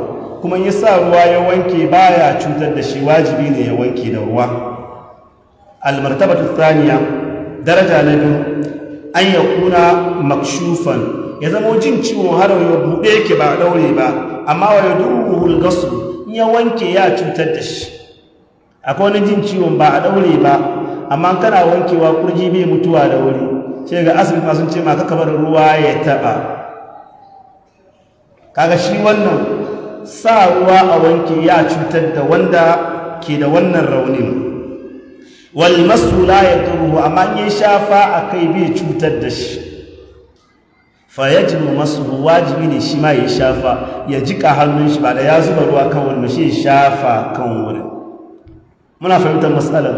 Speaker 1: kuma ya sa ruwa ya wanke ba ya cutar da shi wajibi ne ya wanke da ruwa almartabatu thaniya daraja na biyu an ya kuna makshufan ya zama jin ciwon har ya buɗe yake ba a ɗaure ba amma wa ya duhu gasu in ya wanke ya cutar da shi akwai wani jin ciwon ba a ɗaure ba amma kana wankewa kurji bai mutuwa da wuri sai ga asibiti sun ce ma ka kamar ruwa ya taɓa kaga shi wannan sa ruwa a wanke ya cutar da wanda ke da wannan raunin wal masu la ya duru amma ya shafa a kai bai cutar da shi fa ya jiru masu wajibi ne shi ma ya shafa ya jika hannun shi ba da ya zuba ruwa kan wani shi shafa kan wurin muna fahimtar matsalar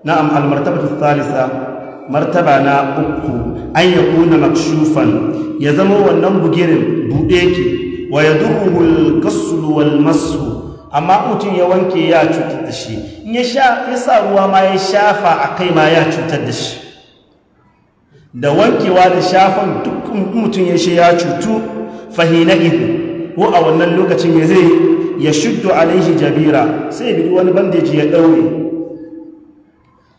Speaker 1: na'am almartabatu thalitha martaba na uku an ya kuna makshufan ya zama wannan bugirin buɗe ke wa ya duhuhul kasulu masu amma mutum ya wanke ya cutar da shi in ya sha isa ruwa ma ya shafa a kai ma ya cutar da shi da wankewa da shafan duk mutum ya shi ya cutu fahina ihu ko a wannan lokacin ya zai ya shuddu alaihi jabira sai bi wani bandeji ya ɗaure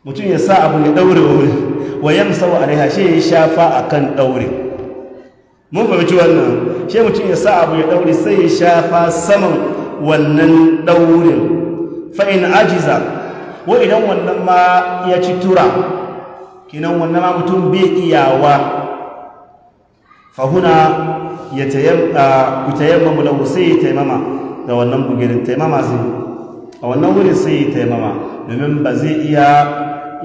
Speaker 1: mutum ya sa abu ya daure wuri wa yamsa a rai hashe ya shafa kan daure mun fahimci wannan shi mutum ya sa abu ya daure sai ya shafa saman wannan daurin fa ajiza wa idan wannan ma ya ci tura kinan wannan ma mutum bai iyawa fa huna ya tayammamu lahu sai ya taimama da wannan bugirin taimama zai a wannan wurin sai ya taimama domin ba zai iya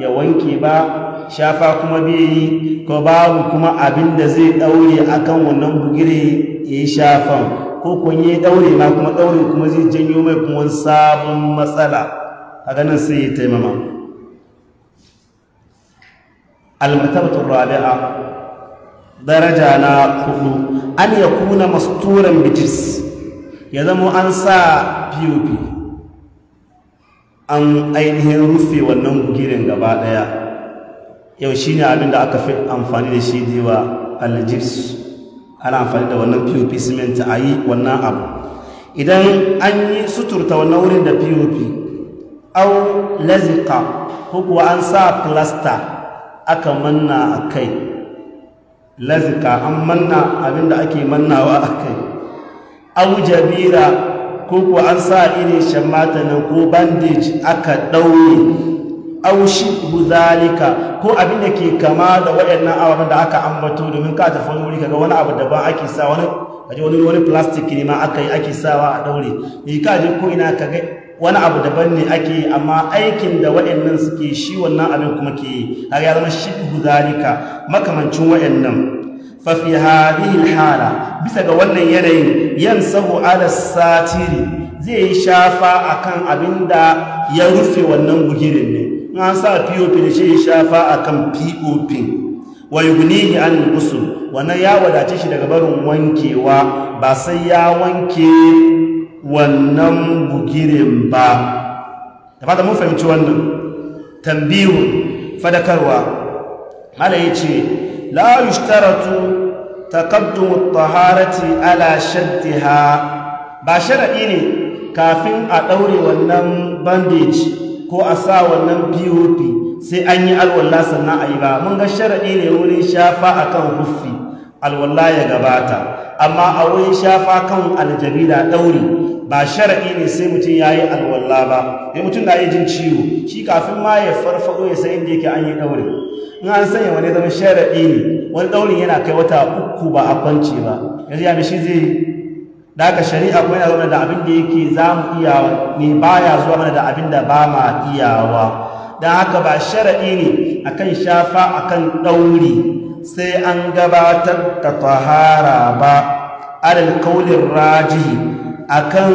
Speaker 1: ya wanke ba shafa kuma biya yi ko babu kuma abin da zai daure akan wannan bugire ya yi shafan ko kun yi daure ma kuma daure kuma zai janyo mai kuma sabon matsala a ganin sai ya taimama almatabatun rabi'a daraja na kudu. an ya kuna masturan bitis ya zama an sa pop an ainihin rufe wannan gugirin gaba daya yau shine abin da aka fi amfani da shi dewa aljips ana amfani da wannan pop cement a yi wannan abu idan an yi suturta wannan wurin da pop au lazika ko an sa plasta aka manna a kai lazika an manna abinda ake mannawa a kai au jabira ko ko an sa irin shammata matanin ko bandage aka ɗaure aushi zalika ko abin da ke kama da waɗannan awarin da aka ambato domin ka tafi wani wuri kaga wani abu daban ake sa wani kaje wani wani plastic ne ma aka yi ake sawa a ɗaure ni ka je ko ina kaga wani abu daban ne ake yi amma aikin da waɗannan suke shi wannan abin kuma ke yi har ya zama shi zalika makamancin waɗannan fafi hadihin hala bisa ga wannan yanayin yan sahu ala satiri zai yi shafa akan abin da ya rufe wannan bugirin ne na sa pop da shi shafa akan pop wa yugnihi an gusul wannan ya wadaci shi daga barin wankewa ba sai ya wanke wannan bugirin ba da fata mun fahimci wannan tambihun fadakarwa mala ya ce لا يشترط تقدم الطهارة ala شدها ba sharaɗi ne kafin a ɗaure wannan bandage ko a sa wannan pop sai an yi alwala sannan a ba mun ga sharaɗi ne wurin shafa akan huffi alwallah ya gabata amma a wurin shafa kan aljabila ɗauri ba shara'i ne sai mutum ya yi alwallah ba ya mutum da ya jin ciwo shi kafin ma ya farfaɗo ya san inda yake an yi ɗauri in an sanya wani zama shara'i ne wani ɗaurin yana kai wata uku ba a kwance ba yanzu ya mishi zai da aka shari'a ko yana zama da abin da yake za mu iyawa ne ya zuwa mana da abin da ba ma iyawa don haka ba shara'i ne akan shafa akan ɗauri sai an gabatar da tahara ba alal kaulin rajihi akan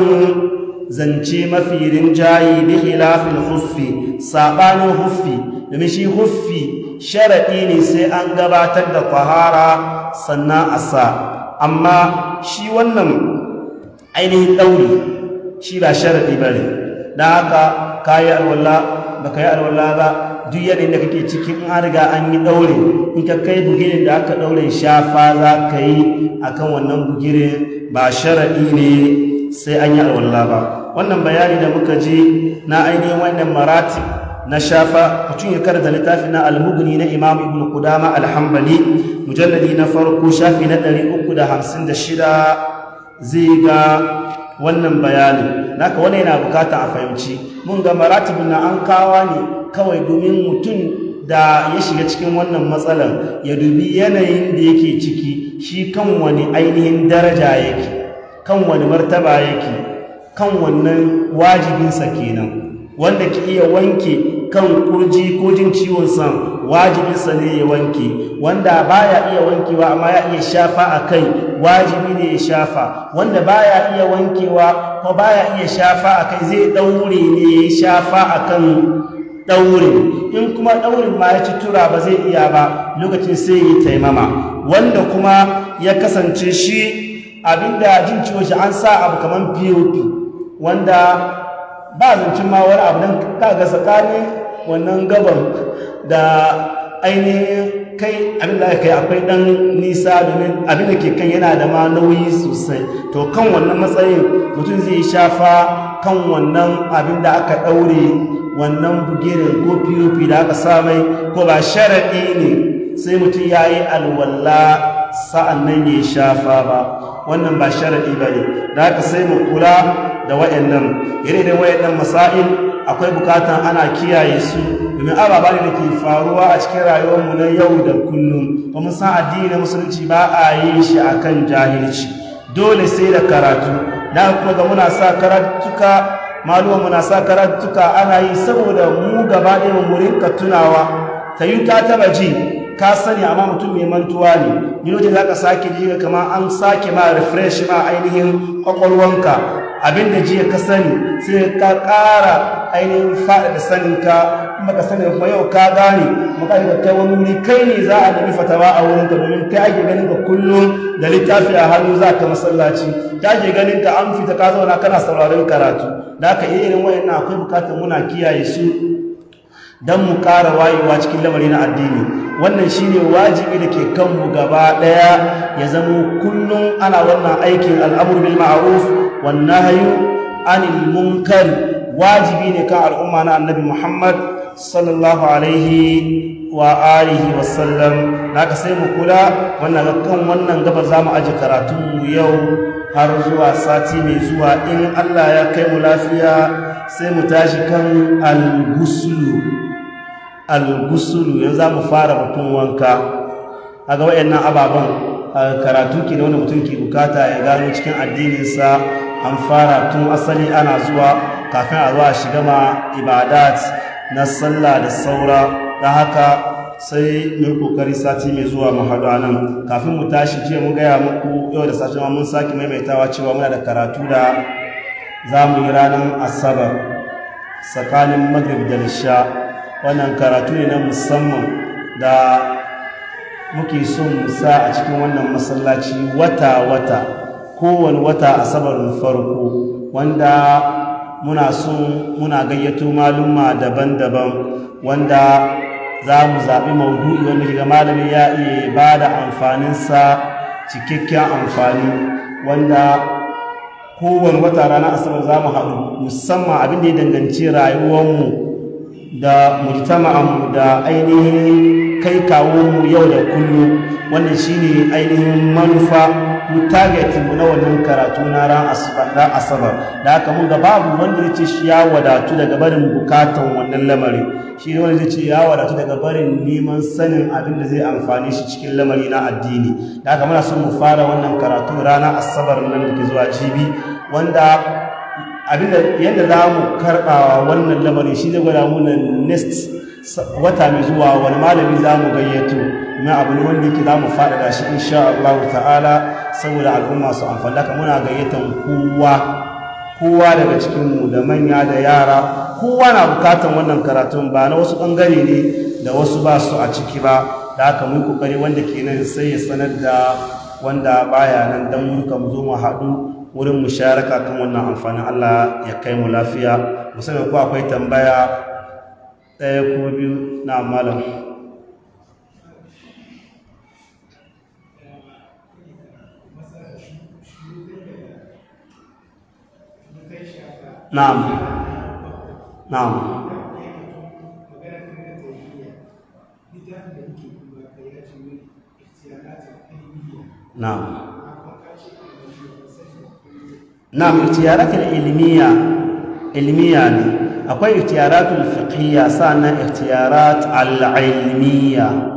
Speaker 1: zance mafi rinjaye bi khilafil huffi sabanin huffi domin shi huffi sharaɗi ne sai an gabatar da tahara sannan a sa amma shi wannan ainihin ɗauri shi ba sharaɗi ba ne don haka kayi alwala baka yi alwala ba duk yanayin da kake cikin an riga an yi ɗaure in ka kai bugirin da aka ɗaure shafa za ka yi a kan wannan bugirin ba sharaɗi ne sai an yi alwala ba wannan bayani da muka ji na ainihin wannan marati na shafa mutum ya karanta littafi na almuguni na imam ibn kudama alhambali mujalladi na farko shafi na 356 zai ga wannan bayanin naka wani yana bukata a fahimci mun ga maratibin na an kawa ne kawai domin mutum da ya shiga cikin wannan matsalar ya dubi yanayin da yake ciki shi kan wani ainihin daraja yake kan wani martaba yake kan wannan wajibinsa kenan wanda ke iya wanke kan kurji ko jin ciwon san wajibinsa ne ya wanke wanda baya iya wankewa amma ya iya shafa a kai wajibi ne ya shafa wanda baya iya wankewa ko baya iya shafa akai zai daure ne ya shafa akan ɗaure in kuma daurin ma ya ci tura ba zai iya ba lokacin sai ya taimama wanda kuma ya kasance shi abinda jin ciwo shi an sa abu kaman pop wanda ba zancin ma wani abu nan kaga ga tsakanin wannan gaban da ainihin kai abin da kai akwai dan nisa domin abin da ke kan yana da ma nauyi sosai to kan wannan matsayin mutum zai shafa kan wannan abin da aka daure wannan bugirin ko pop da aka samai ko ba sharaɗi ne sai mutum ya yi alwala sa'an nan ya shafa ba wannan ba sharaɗi ba ne da aka sai mu kula da wa'annan yare da wa'annan masa'il akwai bukatan ana kiyaye su domin ababa ne da ke faruwa a cikin rayuwarmu na yau da kullum ba mun san addini na musulunci ba a yi shi a kan jahilci dole sai da karatu da kuma ga muna sa karatuka maluwa muna sa karatuka ana yi saboda mu gaba ɗaya mu rinka tunawa ta yi ta taba ji ka sani amma mutum mai mantuwa ne ni lokacin za ka sake jiya kama an sake ma refresh ma ainihin kwakwalwanka abinda jiya ka sani sai ka kara ainihin faɗaɗa saninka maka sanin kuma yau ka gane maka da kai wani wuri kai ne za a nemi fatawa a wurin domin kai ake ganin ka kullum da littafi a hannu za ka masallaci ta ke ganin ka an fita ka zauna kana sauraron karatu da aka yi irin wayannan akwai bukatar muna kiyaye su don mu ƙara wayewa cikin lamari na addini wannan shine wajibi da ke kanmu gaba ɗaya ya zama kullum ana wannan aikin al'amur bil ma'ruf wannan hayu anil munkar wajibi ne kan al'umma na annabi Muhammad sallallahu alaihi wa alihi wa sallam ka sai mu kula wannan kan wannan gaba zamu ajiye karatu yau har zuwa sati mai zuwa in Allah ya kai mu lafiya sai mu tashi kan al gusulu al gusulu yanzu mu fara batun wanka a ga wayannan ababen karatu ke wani mutum ke bukata ya gano cikin addininsa an fara tun asali ana zuwa kafin a zuwa shiga ma ibadat na sallah da saura da haka sai mai kokari sati mai zuwa mu haɗu anan kafin mu tashi jiya mun gaya muku yau da sati mun sake maimaitawa cewa muna da karatu da za mu yi ranar asabar tsakanin maghrib da nisha. wannan karatu ne na musamman da muke son mu sa a cikin wannan masallaci wata-wata kowane wata mu farko wanda muna so muna gayyato maluma daban-daban wanda za mu zaɓi maudu'i wanda shiga malami ya iya ba da amfaninsa cikakken amfani wanda kowane wata ranar asabar za mu haɗu musamman abin da ya danganci rayuwarmu da mujtama'anmu da ainihin kai kawo mu yau da kullum wannan shine ainihin manufa mu target mu na wannan karatu na ran asabar da haka mun ga babu wanda zai ce shi ya wadatu daga barin bukatan wannan lamari shi wanda zai ce ya wadatu daga barin neman sanin abin da zai amfani shi cikin lamari na addini da haka muna son mu fara wannan karatu ranar asabar nan da ke zuwa jibi wanda da yadda za mu karɓawa wannan lamarin shi zai gwada na next wata mai zuwa wani malami za mu gayyato na abu ne wanda yake za mu faɗaɗa shi insha Allah ta'ala saboda al'umma su amfani da muna gayyatan kowa kowa daga cikinmu da manya da yara kowa na bukatan wannan karatun ba na wasu ɓangare ne da wasu ba su a ciki ba da haka mun kokari wanda ke nan sai ya sanar da wanda baya nan dan mun kan zo mu haɗu wurin musharaka kan wannan amfanin Allah ya kai mu lafiya musamman ko akwai tambaya ɗaya ko biyu na malam نعم نعم نعم نعم اختيارات العلمية علمية يعني أكو اختيارات الفقهية سانا اختيارات العلمية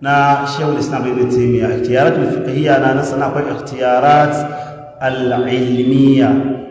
Speaker 1: نا شيخ الإسلام ابن تيمية اختيارات الفقهية أنا نسنا أكو اختيارات العلمية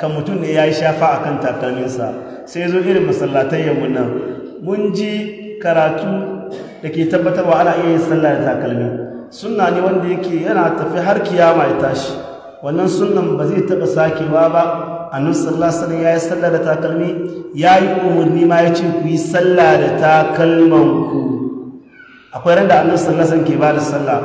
Speaker 1: kan mutum ne ya yi shafa a kan takalminsa sai zo irin masallatan yammun nan mun ji karatu da ke tabbatarwa ana iya yin sallah da takalmi sunna ne wanda yake yana tafi har kiyama ya tashi wannan sunnan ba zai taɓa sakewa ba A annabi sallah sanin ya yi sallah da takalmi ya yi umarni ma ya ce ku yi sallah da takalmanku akwai randa annabi sallah alaihi ke ba da sallah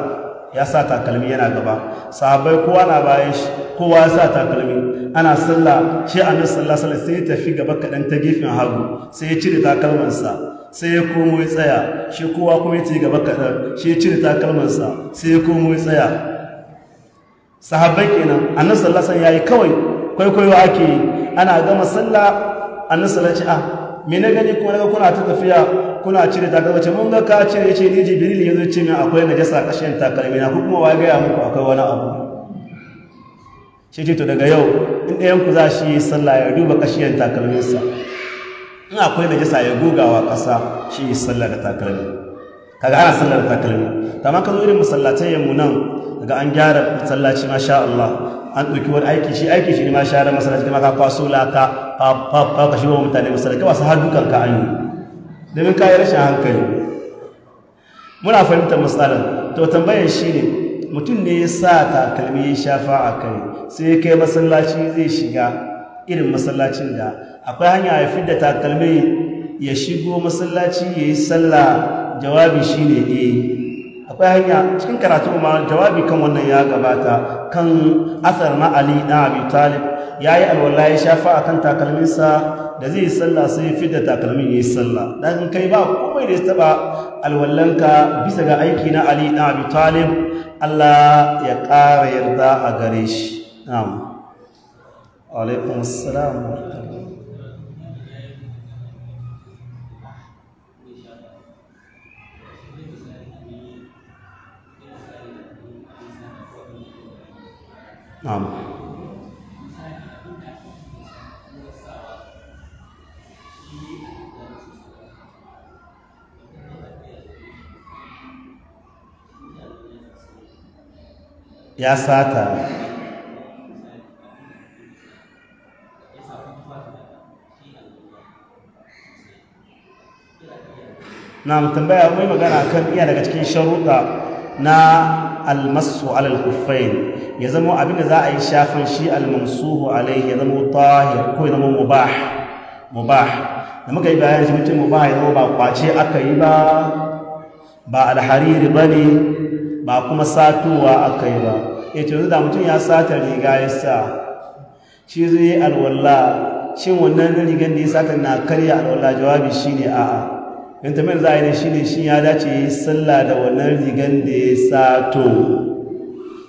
Speaker 1: ya sa takalmi yana gaba sahabbai kowa na bayan shi kowa ya sa takalmi ana sallah shi annabi sallallahu alaihi sai ya tafi gaba kaɗan ta gefen hagu sai ya cire takalmansa sai ya komo ya tsaya shi kowa kuma ya ci gaba kaɗan shi ya cire takalmansa sai ya komo ya tsaya sahabbai kenan annabi sallallahu alaihi ya yi kawai kwaikwayo ake yi ana gama sallah annabi sallallahu alaihi me na gani kuma daga kuna ta tafiya kuna cire takalma ce mun ga ka cire ce ni jibril zo ce min akwai najasa kashin takalmi na ko kuma wa gaya muku akwai wani abu shi ce to daga yau in ɗayan ku za shi sallah ya duba kashiyan takalminsa in akwai najasa ya gogawa ƙasa shi sallah da takalmi kaga ana sallar takalmi amma ka zo irin masallacin mu nan ga an gyara masallaci masha Allah an ɗauki wani aiki shi aiki shi ne ma share masallaci kuma ka kwaso laka ka ka shigo mutane masallaci ba su har dukan ka an yi domin ka yi rashin hankali muna fahimtar matsalar to tambayar shi ne mutum ne ya sa takalmi ya shafa a kai sai ya kai masallaci zai shiga irin masallacin da akwai hanya ya fidda takalmi ya shigo masallaci ya yi sallah jawabi shi ne eh akwai hanya cikin karatu ma jawabi kan wannan ya gabata kan asar na ali na abi talib ya yi alwala ya shafa a kan takalminsa da zai yi sallah sai fi da takalmin ya yi sallah ɗan kai ba komai da ya taɓa alwallanka bisa ga aiki na ali na abi talib allah ya ƙara yarda a gare shi Amin. Ya sata. Na tambaya mai magana kan iya daga cikin sharuɗa na almasu alal khuffain ya zama abinda za a yi shafin shi almansuhu alaihi ya zama tahir ko ya zama mubah mubah da muka yi bayan shi mutum mubah ya zama ba kwace aka yi ba ba alhariri ba ne ba kuma satowa aka yi ba eh, ya ce da mutum ya sata riga ya sa shi zai alwallah shin wannan rigar da ya sata na karya alwallah jawabi shine a'a in tambayar za a yi shi ne shi ya dace ya yi sallah da wannan rigan da ya sato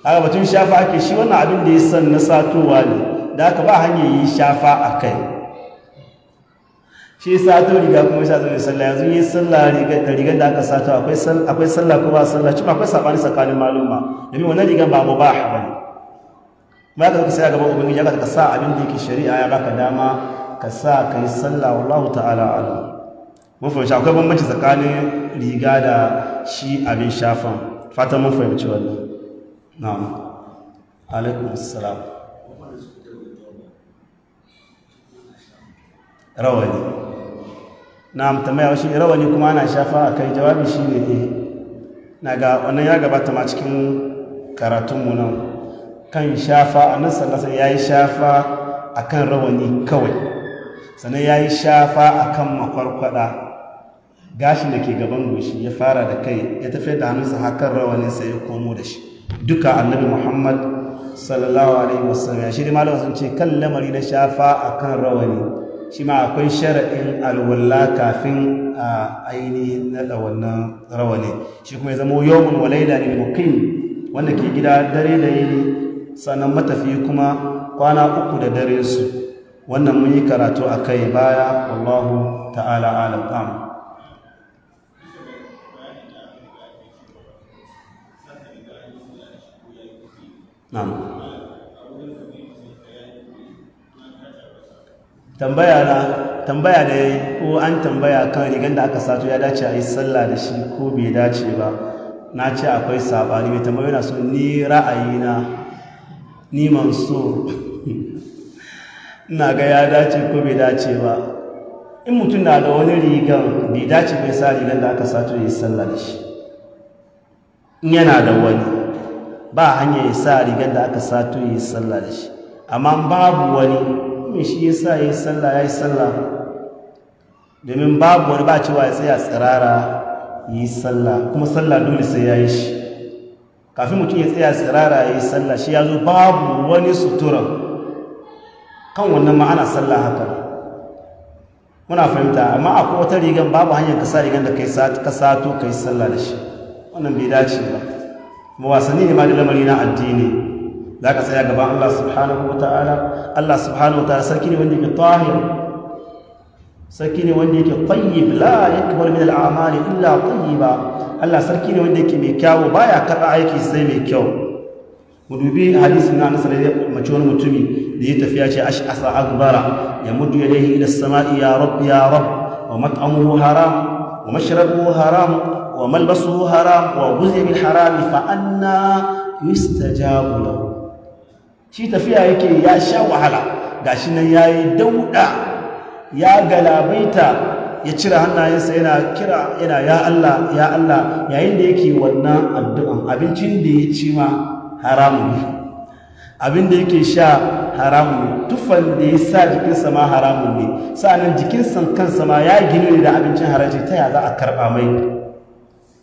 Speaker 1: haka batun shafa ake shi wannan abin da ya san na satowa ne da aka ba hanyar yi shafa a kai shi sato riga kuma ya zai sallah yanzu yi sallah da rigar da aka sato akwai sallah ko ba sallah cikin akwai sabani tsakanin maluma domin wannan rigar ba mu ba a ne ba ka zaka sai gaban ubangiji ya ka sa abin da yake shari'a ya baka dama ka sa ka yi sallah wallahu ta'ala alam mun fahimci akwai bambanci tsakanin riga da shi abin shafan fatan mun fahimci wannan na'am alaikun salam rawani na'am tambaya shi rawani kuma ana shafa a kai jawabi shi ne eh. na ga wannan ya gabata ma cikin karatunmu nan kan shafa a nan sannan ya yi shafa a kan rawani kawai sannan ya yi shafa a kan makwarkwada gashin da ke gaban goshi ya fara da kai ya tafi da hannunsa hakan rawaninsa ya komo da shi duka annabi muhammad sallallahu alaihi wasallam shi da malama sun ce kan lamari na shafa a kan rawani shi ma akwai shara'in alwala kafin a ainihin naɗa wannan rawani shi kuma ya zama yawon walaida ne muqim wanda ke gida dare da yini sannan matafi kuma kwana uku da dare su wannan mun yi karatu a kai baya wallahu ta'ala alam na'am tambaya na tambaya da yayi ko an tambaya kan rigan da aka sato ya dace a yi sallah da shi ko bai dace ba na ce akwai sabani mai tambaya yana so ni ra'ayina ni so ina ga ya dace ko bai dace ba in mutum na da wani rigan bai dace bai sa rigan da aka sato ya yi sallah da shi in yana da wani ba hanya ya sa rigar da aka sato ya yi sallah da shi amma babu wani mai shi ya sa ya yi sallah ya yi sallah domin babu wani ba cewa ya tsaya tsirara ya yi sallah kuma sallah dole sai ya yi shi kafin mutum ya tsaya tsirara ya yi sallah shi ya zo babu wani sutura kan wannan ma'ana sallah haka muna fahimta amma akwai wata rigar babu hanyar ka sa rigar da ka sato ka yi sallah da shi wannan bai dace ba kuma wasanni ne ma da lamari na addini za ka tsaya gaban Allah subhanahu wa ta'ala Allah subhanahu wa ta'ala sarki ne wanda yake tahir sarki ne wanda yake tayyib la yakbar min al'amali illa tayyiba Allah sarki ne wanda yake mai kyawu baya karba aiki sai mai kyau mu dubi hadisin na Anas da mace wani mutumi da ya tafiya ce ash'asa akbara ya muddu yadayhi ila as-sama'i ya rabb ya rabb wa mat'amuhu haram wa mashrabuhu haram wa malbasuhu haram wa guzi harami fa anna yustajabu lahu shi tafiya yake ya sha wahala Ga shi nan yayi dauɗa. ya galabaita ya cire hannayensa yana kira yana ya Allah ya Allah yayin da yake wannan addu'an abincin da ya ci ma haramun ne abin da yake sha haramun ne tufan da ya sa jikinsa ma haramun ne sa'annan jikinsa kansa ma ya gini da abincin haraji ta ya za a karɓa mai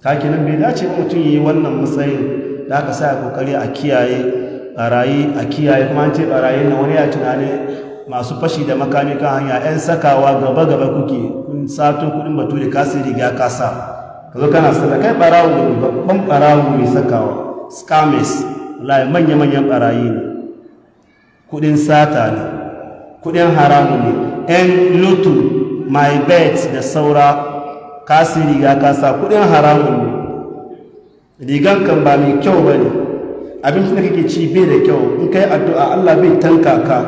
Speaker 1: ka nan bai dace ba mutum yi wannan matsayin da aka sa kokari a kiyaye barayi a kiyaye kuma an ce barayi na wani ya tunani masu fashi da makami kan hanya yan sakawa gaba gaba kuke kun sato kudin batu ka sai riga ka sa ka zo kana sallah kai barawo ne babban barawo mai sakawa scammers wallahi manya manyan barayi ne kudin sata ne kudin haramu ne yan lutu my bet da saura kasi riga ka sa kudin haramun ne rigan kan ba mai kyau ba ne abinci da kake ci bai da kyau in kai addu'a Allah bai tanka ka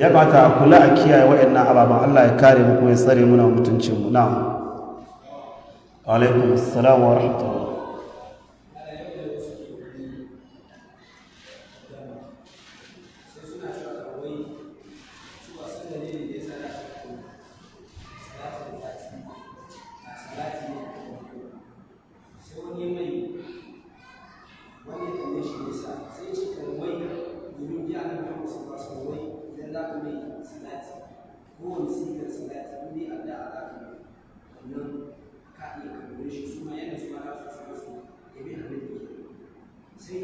Speaker 1: ya bata kula a kiyaye waɗannan ababen Allah ya kare mu kuma ya tsare muna mutuncin mu na alaikum assalam wa rahmatullah da suka yi sabon bi Allah a zaka wannan ka iya kamar shi su ma yana su ma za su samu su ya bi da ke sai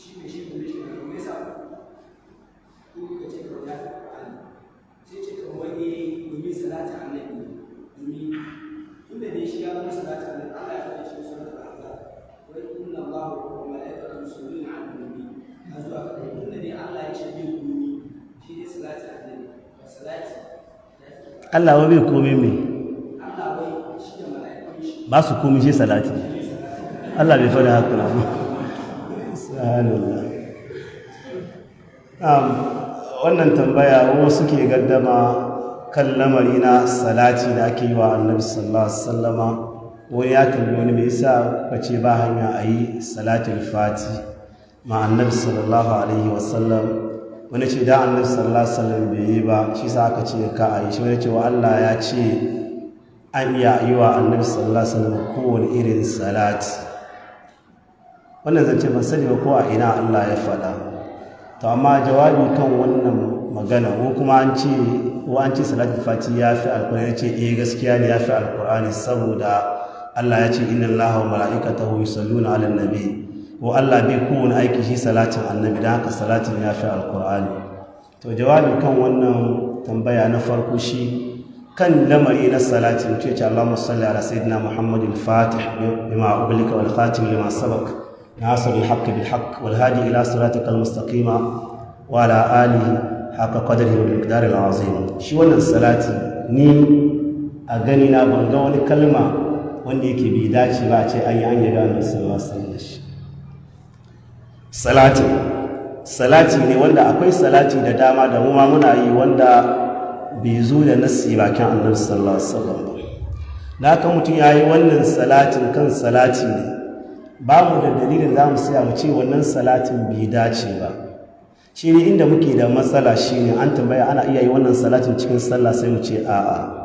Speaker 1: shi mai shi da shi da mai sa ko ka ce ka ya sai ce ka wani domin salata annabi domin tunda ne shi ya zama salata Allah wa bai komai mai ba su komai shi salati Allah bai faɗi haka na wannan tambaya wasu ke gaddama kan lamari na salati da ake yi wa annabi sallallahu alaihi wasallama wani ya tambayi wani mai yasa bace ba hanya a yi salatin fati ma annabi sallallahu alaihi wasallam wani ce da annabi sallallahu bai yi ba shi sa aka ce ka a yi shi wani ce wa Allah ya ce an iya yi wa annabi da kowane irin salat. wannan zance ban sani ba ko a ina Allah ya faɗa to amma jawabi kan wannan magana ko kuma an ce wa an ce fati ya fi alkur'ani ce eh gaskiya ne ya fi alkur'ani saboda Allah ya ce inna Allaha wa mala'ikatahu yusalluna 'alan nabi Wa Allah bai kowane aiki shi salatin annabi don haka salatin ya fi alkur'ani to jawabi kan wannan tambaya na farko shi kan lamari na salatin ce ce Allah musalli ala sayyidina Muhammadin fatih bima ublika wal khatim lima sabak nasir al haqq bil haqq wal hadi ila siratika al mustaqima wa ala alihi haqa qadrihi wal miqdar al azim shi wannan salati ni a gani na ban ga wani kalma wanda yake bi dace ba a ce an yi an yi da sallallahu alaihi wasallam salati salati ne wanda akwai salati da dama da muma muna yi wanda bai zo da nassi bakin annabi sallallahu alaihi wasallam ba na kan mutum ya yi wannan salatin kan salati ne ba mu da dalilin za mu saya mu ce wannan salatin bai dace ba shi ne inda muke da matsala shi ne an tambaya ana iya yi wannan salatin cikin sallah sai mu ce a'a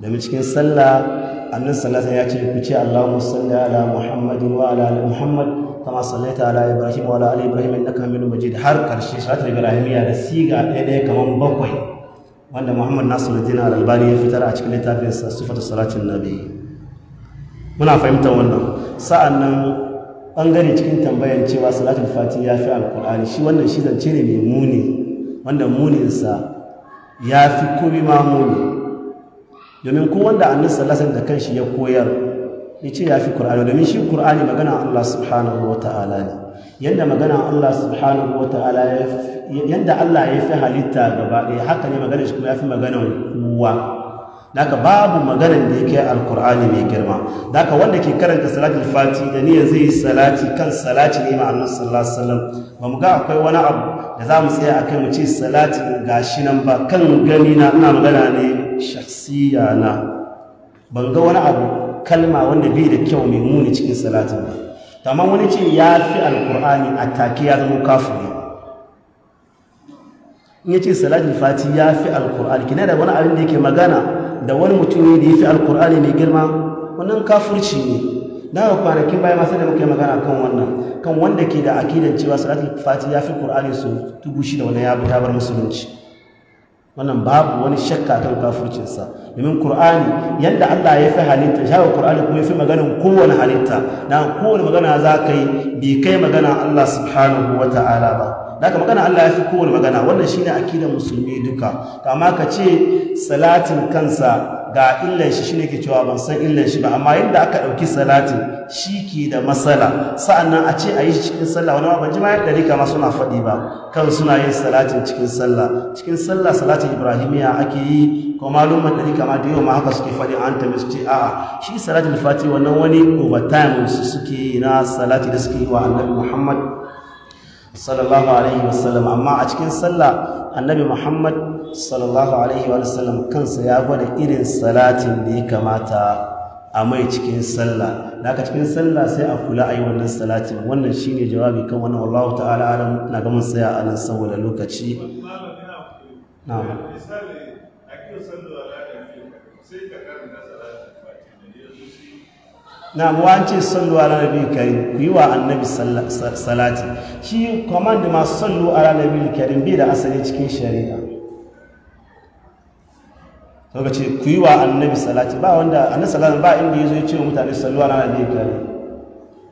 Speaker 1: Da mu cikin sallah alaihi wasallam ya ce ku ce allahumma salli ala muhammadin wa ala muhammad kama sallaita ala ibrahim wa ala ali ibrahim innaka hamidum majid har karshe salatul ibrahimiyya da siga ɗaya ɗaya kaman bakwai wanda muhammad nasiruddin al-albani ya fitar a cikin littafin sa sifatu salatin nabi muna fahimtar wannan sa'annan bangare cikin tambayan cewa salatul fati ya fi alkur'ani shi wannan shi zance ne mai muni wanda muninsa ya fi komi ma muni domin kun wanda annabi sallallahu da kanshi ya koyar ya ce ya fi ƙur'ani domin shi ƙur'ani magana Allah subhanahu wa ta'ala ne yadda magana Allah subhanahu wa ta'ala yadda Allah ya fi halitta gaba ɗaya haka ne magana shi kuma ya fi wa. kowa daga babu magana da yake Alkur'ani mai girma daga wanda ke karanta salatul fati da niyan zai yi salati kan salati ne ma'anar sallallahu alaihi wasallam ba mu ga akwai wani abu da za mu tsaya a kai mu ce salati gashi nan ba kan gani na ina magana ne shaksiya na ban ga wani abu kalma wanda bai da kyau mai muni cikin salatin ba to amma wani ce ya fi alkur'ani a take ya zama kafiri in ya ce salatin fati ya fi alkur'ani kina da wani abin da yake magana da wani mutum ne da ya fi alkur'ani mai girma wannan kafurci ne na ga kwanakin baya masu da muka magana kan wannan kan wanda ke da akidan cewa salatin fati ya fi alkur'ani su dubu da wani ya bar musulunci wannan babu wani shakka kan kafircinsa domin Kur'ani yadda Allah ya fi halitta shawo Kur'ani kuma ya fi maganin kowane halitta na kowane magana za ka yi bi kai magana Allah subhanahu wa ta'ala ba da magana Allah ya fi kowane magana wannan shi shine akidan musulmi duka Kama ka ce salatin kansa ga illan shi shine ke cewa ban san illan shi ba amma yadda aka ɗauki salati shi ke da matsala sa'annan a ce a yi cikin sallah wani ban ji ma yadda rika ma suna faɗi ba kan suna yin salatin cikin sallah cikin sallah salatin ibrahimiya ake yi ko malum da rika ma da yau ma haka suke faɗi an ta ce a'a shi salatin fati wannan wani overtime su suke yi na salati da suke yi wa annabi muhammad sallallahu alaihi wasallam amma a cikin sallah annabi muhammad sallallahu alaihi wasallam kansa ya gwada irin salatin da ya kamata a mai cikin sallah da aka cikin sallah sai a kula a yi wannan salatin wannan shine jawabi kan wannan wallahu ta'ala alam na ga mun saya a nan saboda lokaci na'am sai ka karanta salatin fatiha na wance sallu ala nabi karim ku yi wa annabi salati shi command ma sallu ala nabi karim bi da asali cikin shari'a daga ce ku yi wa annabi salati ba wanda annabi salati ba inda ya zo ya ce wa mutane sallu ala nabi karim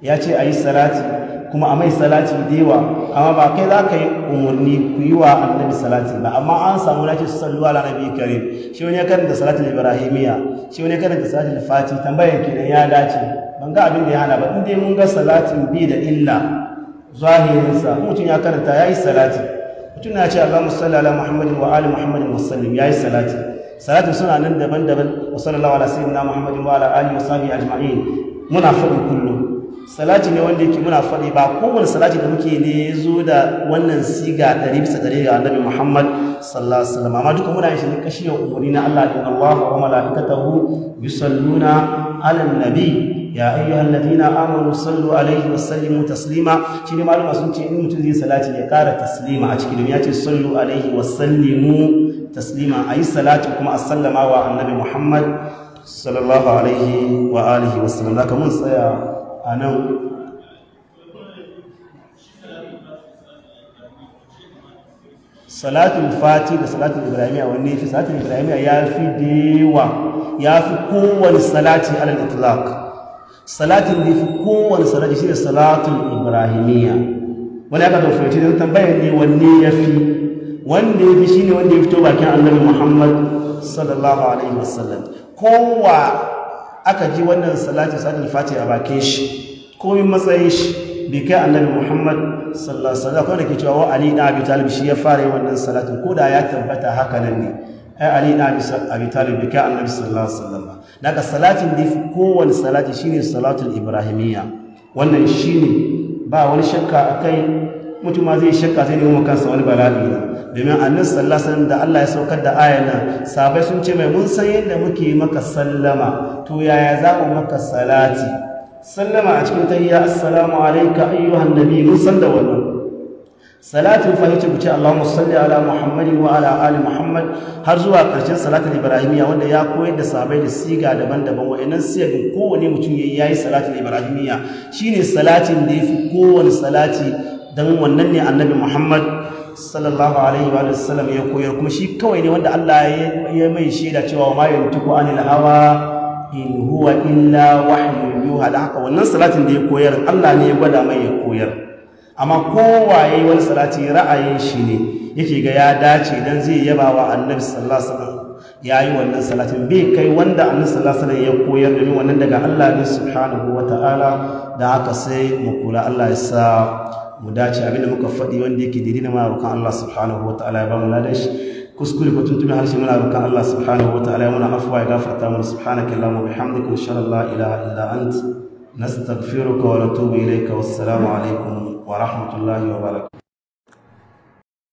Speaker 1: ya ce a yi salati kuma a mai salati dewa. amma ba kai za ka yi umarni ku yi wa annabi salati ba amma an samu nace su sallu ala nabi karim shi wani ya karanta salatin ibrahimiya shi wani ya karanta salatin fati tambayar kenan ya dace ban ga abin da ya hana ba in dai mun ga salatin bi da illa zahirinsa mutum ya karanta ya yi salati mutum na ce allahu salli ala muhammadin wa ali muhammadin wa sallim ya yi salati salatin suna nan daban-daban wa sallallahu ala sayyidina muhammadin wa ala alihi wa sahbihi ajma'in muna faɗin kullum salati ne wanda yake muna faɗi ba kowane salati da muke ne ya zo da wannan siga ɗari bisa ɗari ga annabi muhammad sallallahu alaihi wasallam amma duka muna yin shi ne kashi ya umarni na allah in allah wa malaikatahu yusalluna ala nabi ya ayyuhal ladina amanu sallu alaihi wa sallimu taslima shi ne malama sun ce in mutum zai salati ya ƙara taslima a ciki domin ya ce sallu alaihi wa sallimu taslima A yi salati kuma a sallama wa annabi muhammad sallallahu alaihi wa alihi wasallam zaka mun tsaya a nan salatul fati da salatul ibrahimiya wanne fi salatul ibrahimiya ya fi dewa ya fi kowane salati alal itlaq salatin da ya fi kowane salati shi ne salatul ibrahimiya wani aka da fahimci don tambayar ne wanne ya fi wanda ya fi shi ne wanda ya fito bakin annabi muhammad sallallahu alaihi wasallam kowa aka ji wannan salati sadar fati a bakin shi Ko min matsayin shi bi kai annabi muhammad sallallahu alaihi wasallam kawai da ke cewa wa ali da abi talib shi ya fara yin wannan salatin ko da ya tabbata haka nan ne ai ali da abi talib bi kai annabi sallallahu alaihi wasallam daga salatin da kowane salati shine salatul ibrahimiyya wannan shine ba wani shakka akai mutum ma zai shakka zai nemo kansa wani bala'i domin annabi sallallahu alaihi da Allah ya saukar da ayana sabai sun ce mai mun san yadda muke maka sallama to yaya za mu maka salati sallama a cikin tahiyya assalamu alayka ayyuhan nabi mun san da wannan salatin fa yace buci Allahumma salli ala Muhammadin wa ala ali Muhammad har zuwa karshen salatin Ibrahimiyya wanda ya koyar da sabai da siga daban-daban wa'annan sigagin kowane mutum yayi salatin Ibrahimiyya shine salatin da yafi kowane salati dan wannan ne annabi Muhammad sallallahu alaihi wa sallam ya koyar kuma shi kawai ne wanda Allah ya mai shaida cewa ma yantiku anil hawa in huwa illa wahyu yuha da haka wannan salatin da ya koyar Allah ne ya gwada mai ya koyar amma kowaye wani salati ra'ayin shi ne yake ga ya dace dan zai yaba wa annabi sallallahu alaihi wasallam ya yi wannan salatin bai kai wanda annabi sallallahu alaihi wasallam ya koyar domin wannan daga Allah ne subhanahu wataala da haka sai mu kula Allah ya sa mu dace abin da muka faɗi wanda yake daidai na marukan Allah subhanahu wa ta'ala ya ba mu lada shi kuskure ko tuntumi harshe muna rukan Allah subhanahu wa ta'ala ya muna afwa ya gafarta mu subhanaka allahumma wa bihamdika inshallah la ilaha illa ant nastaghfiruka wa natubu ilayka wassalamu alaikum wa rahmatullahi wa barakatuh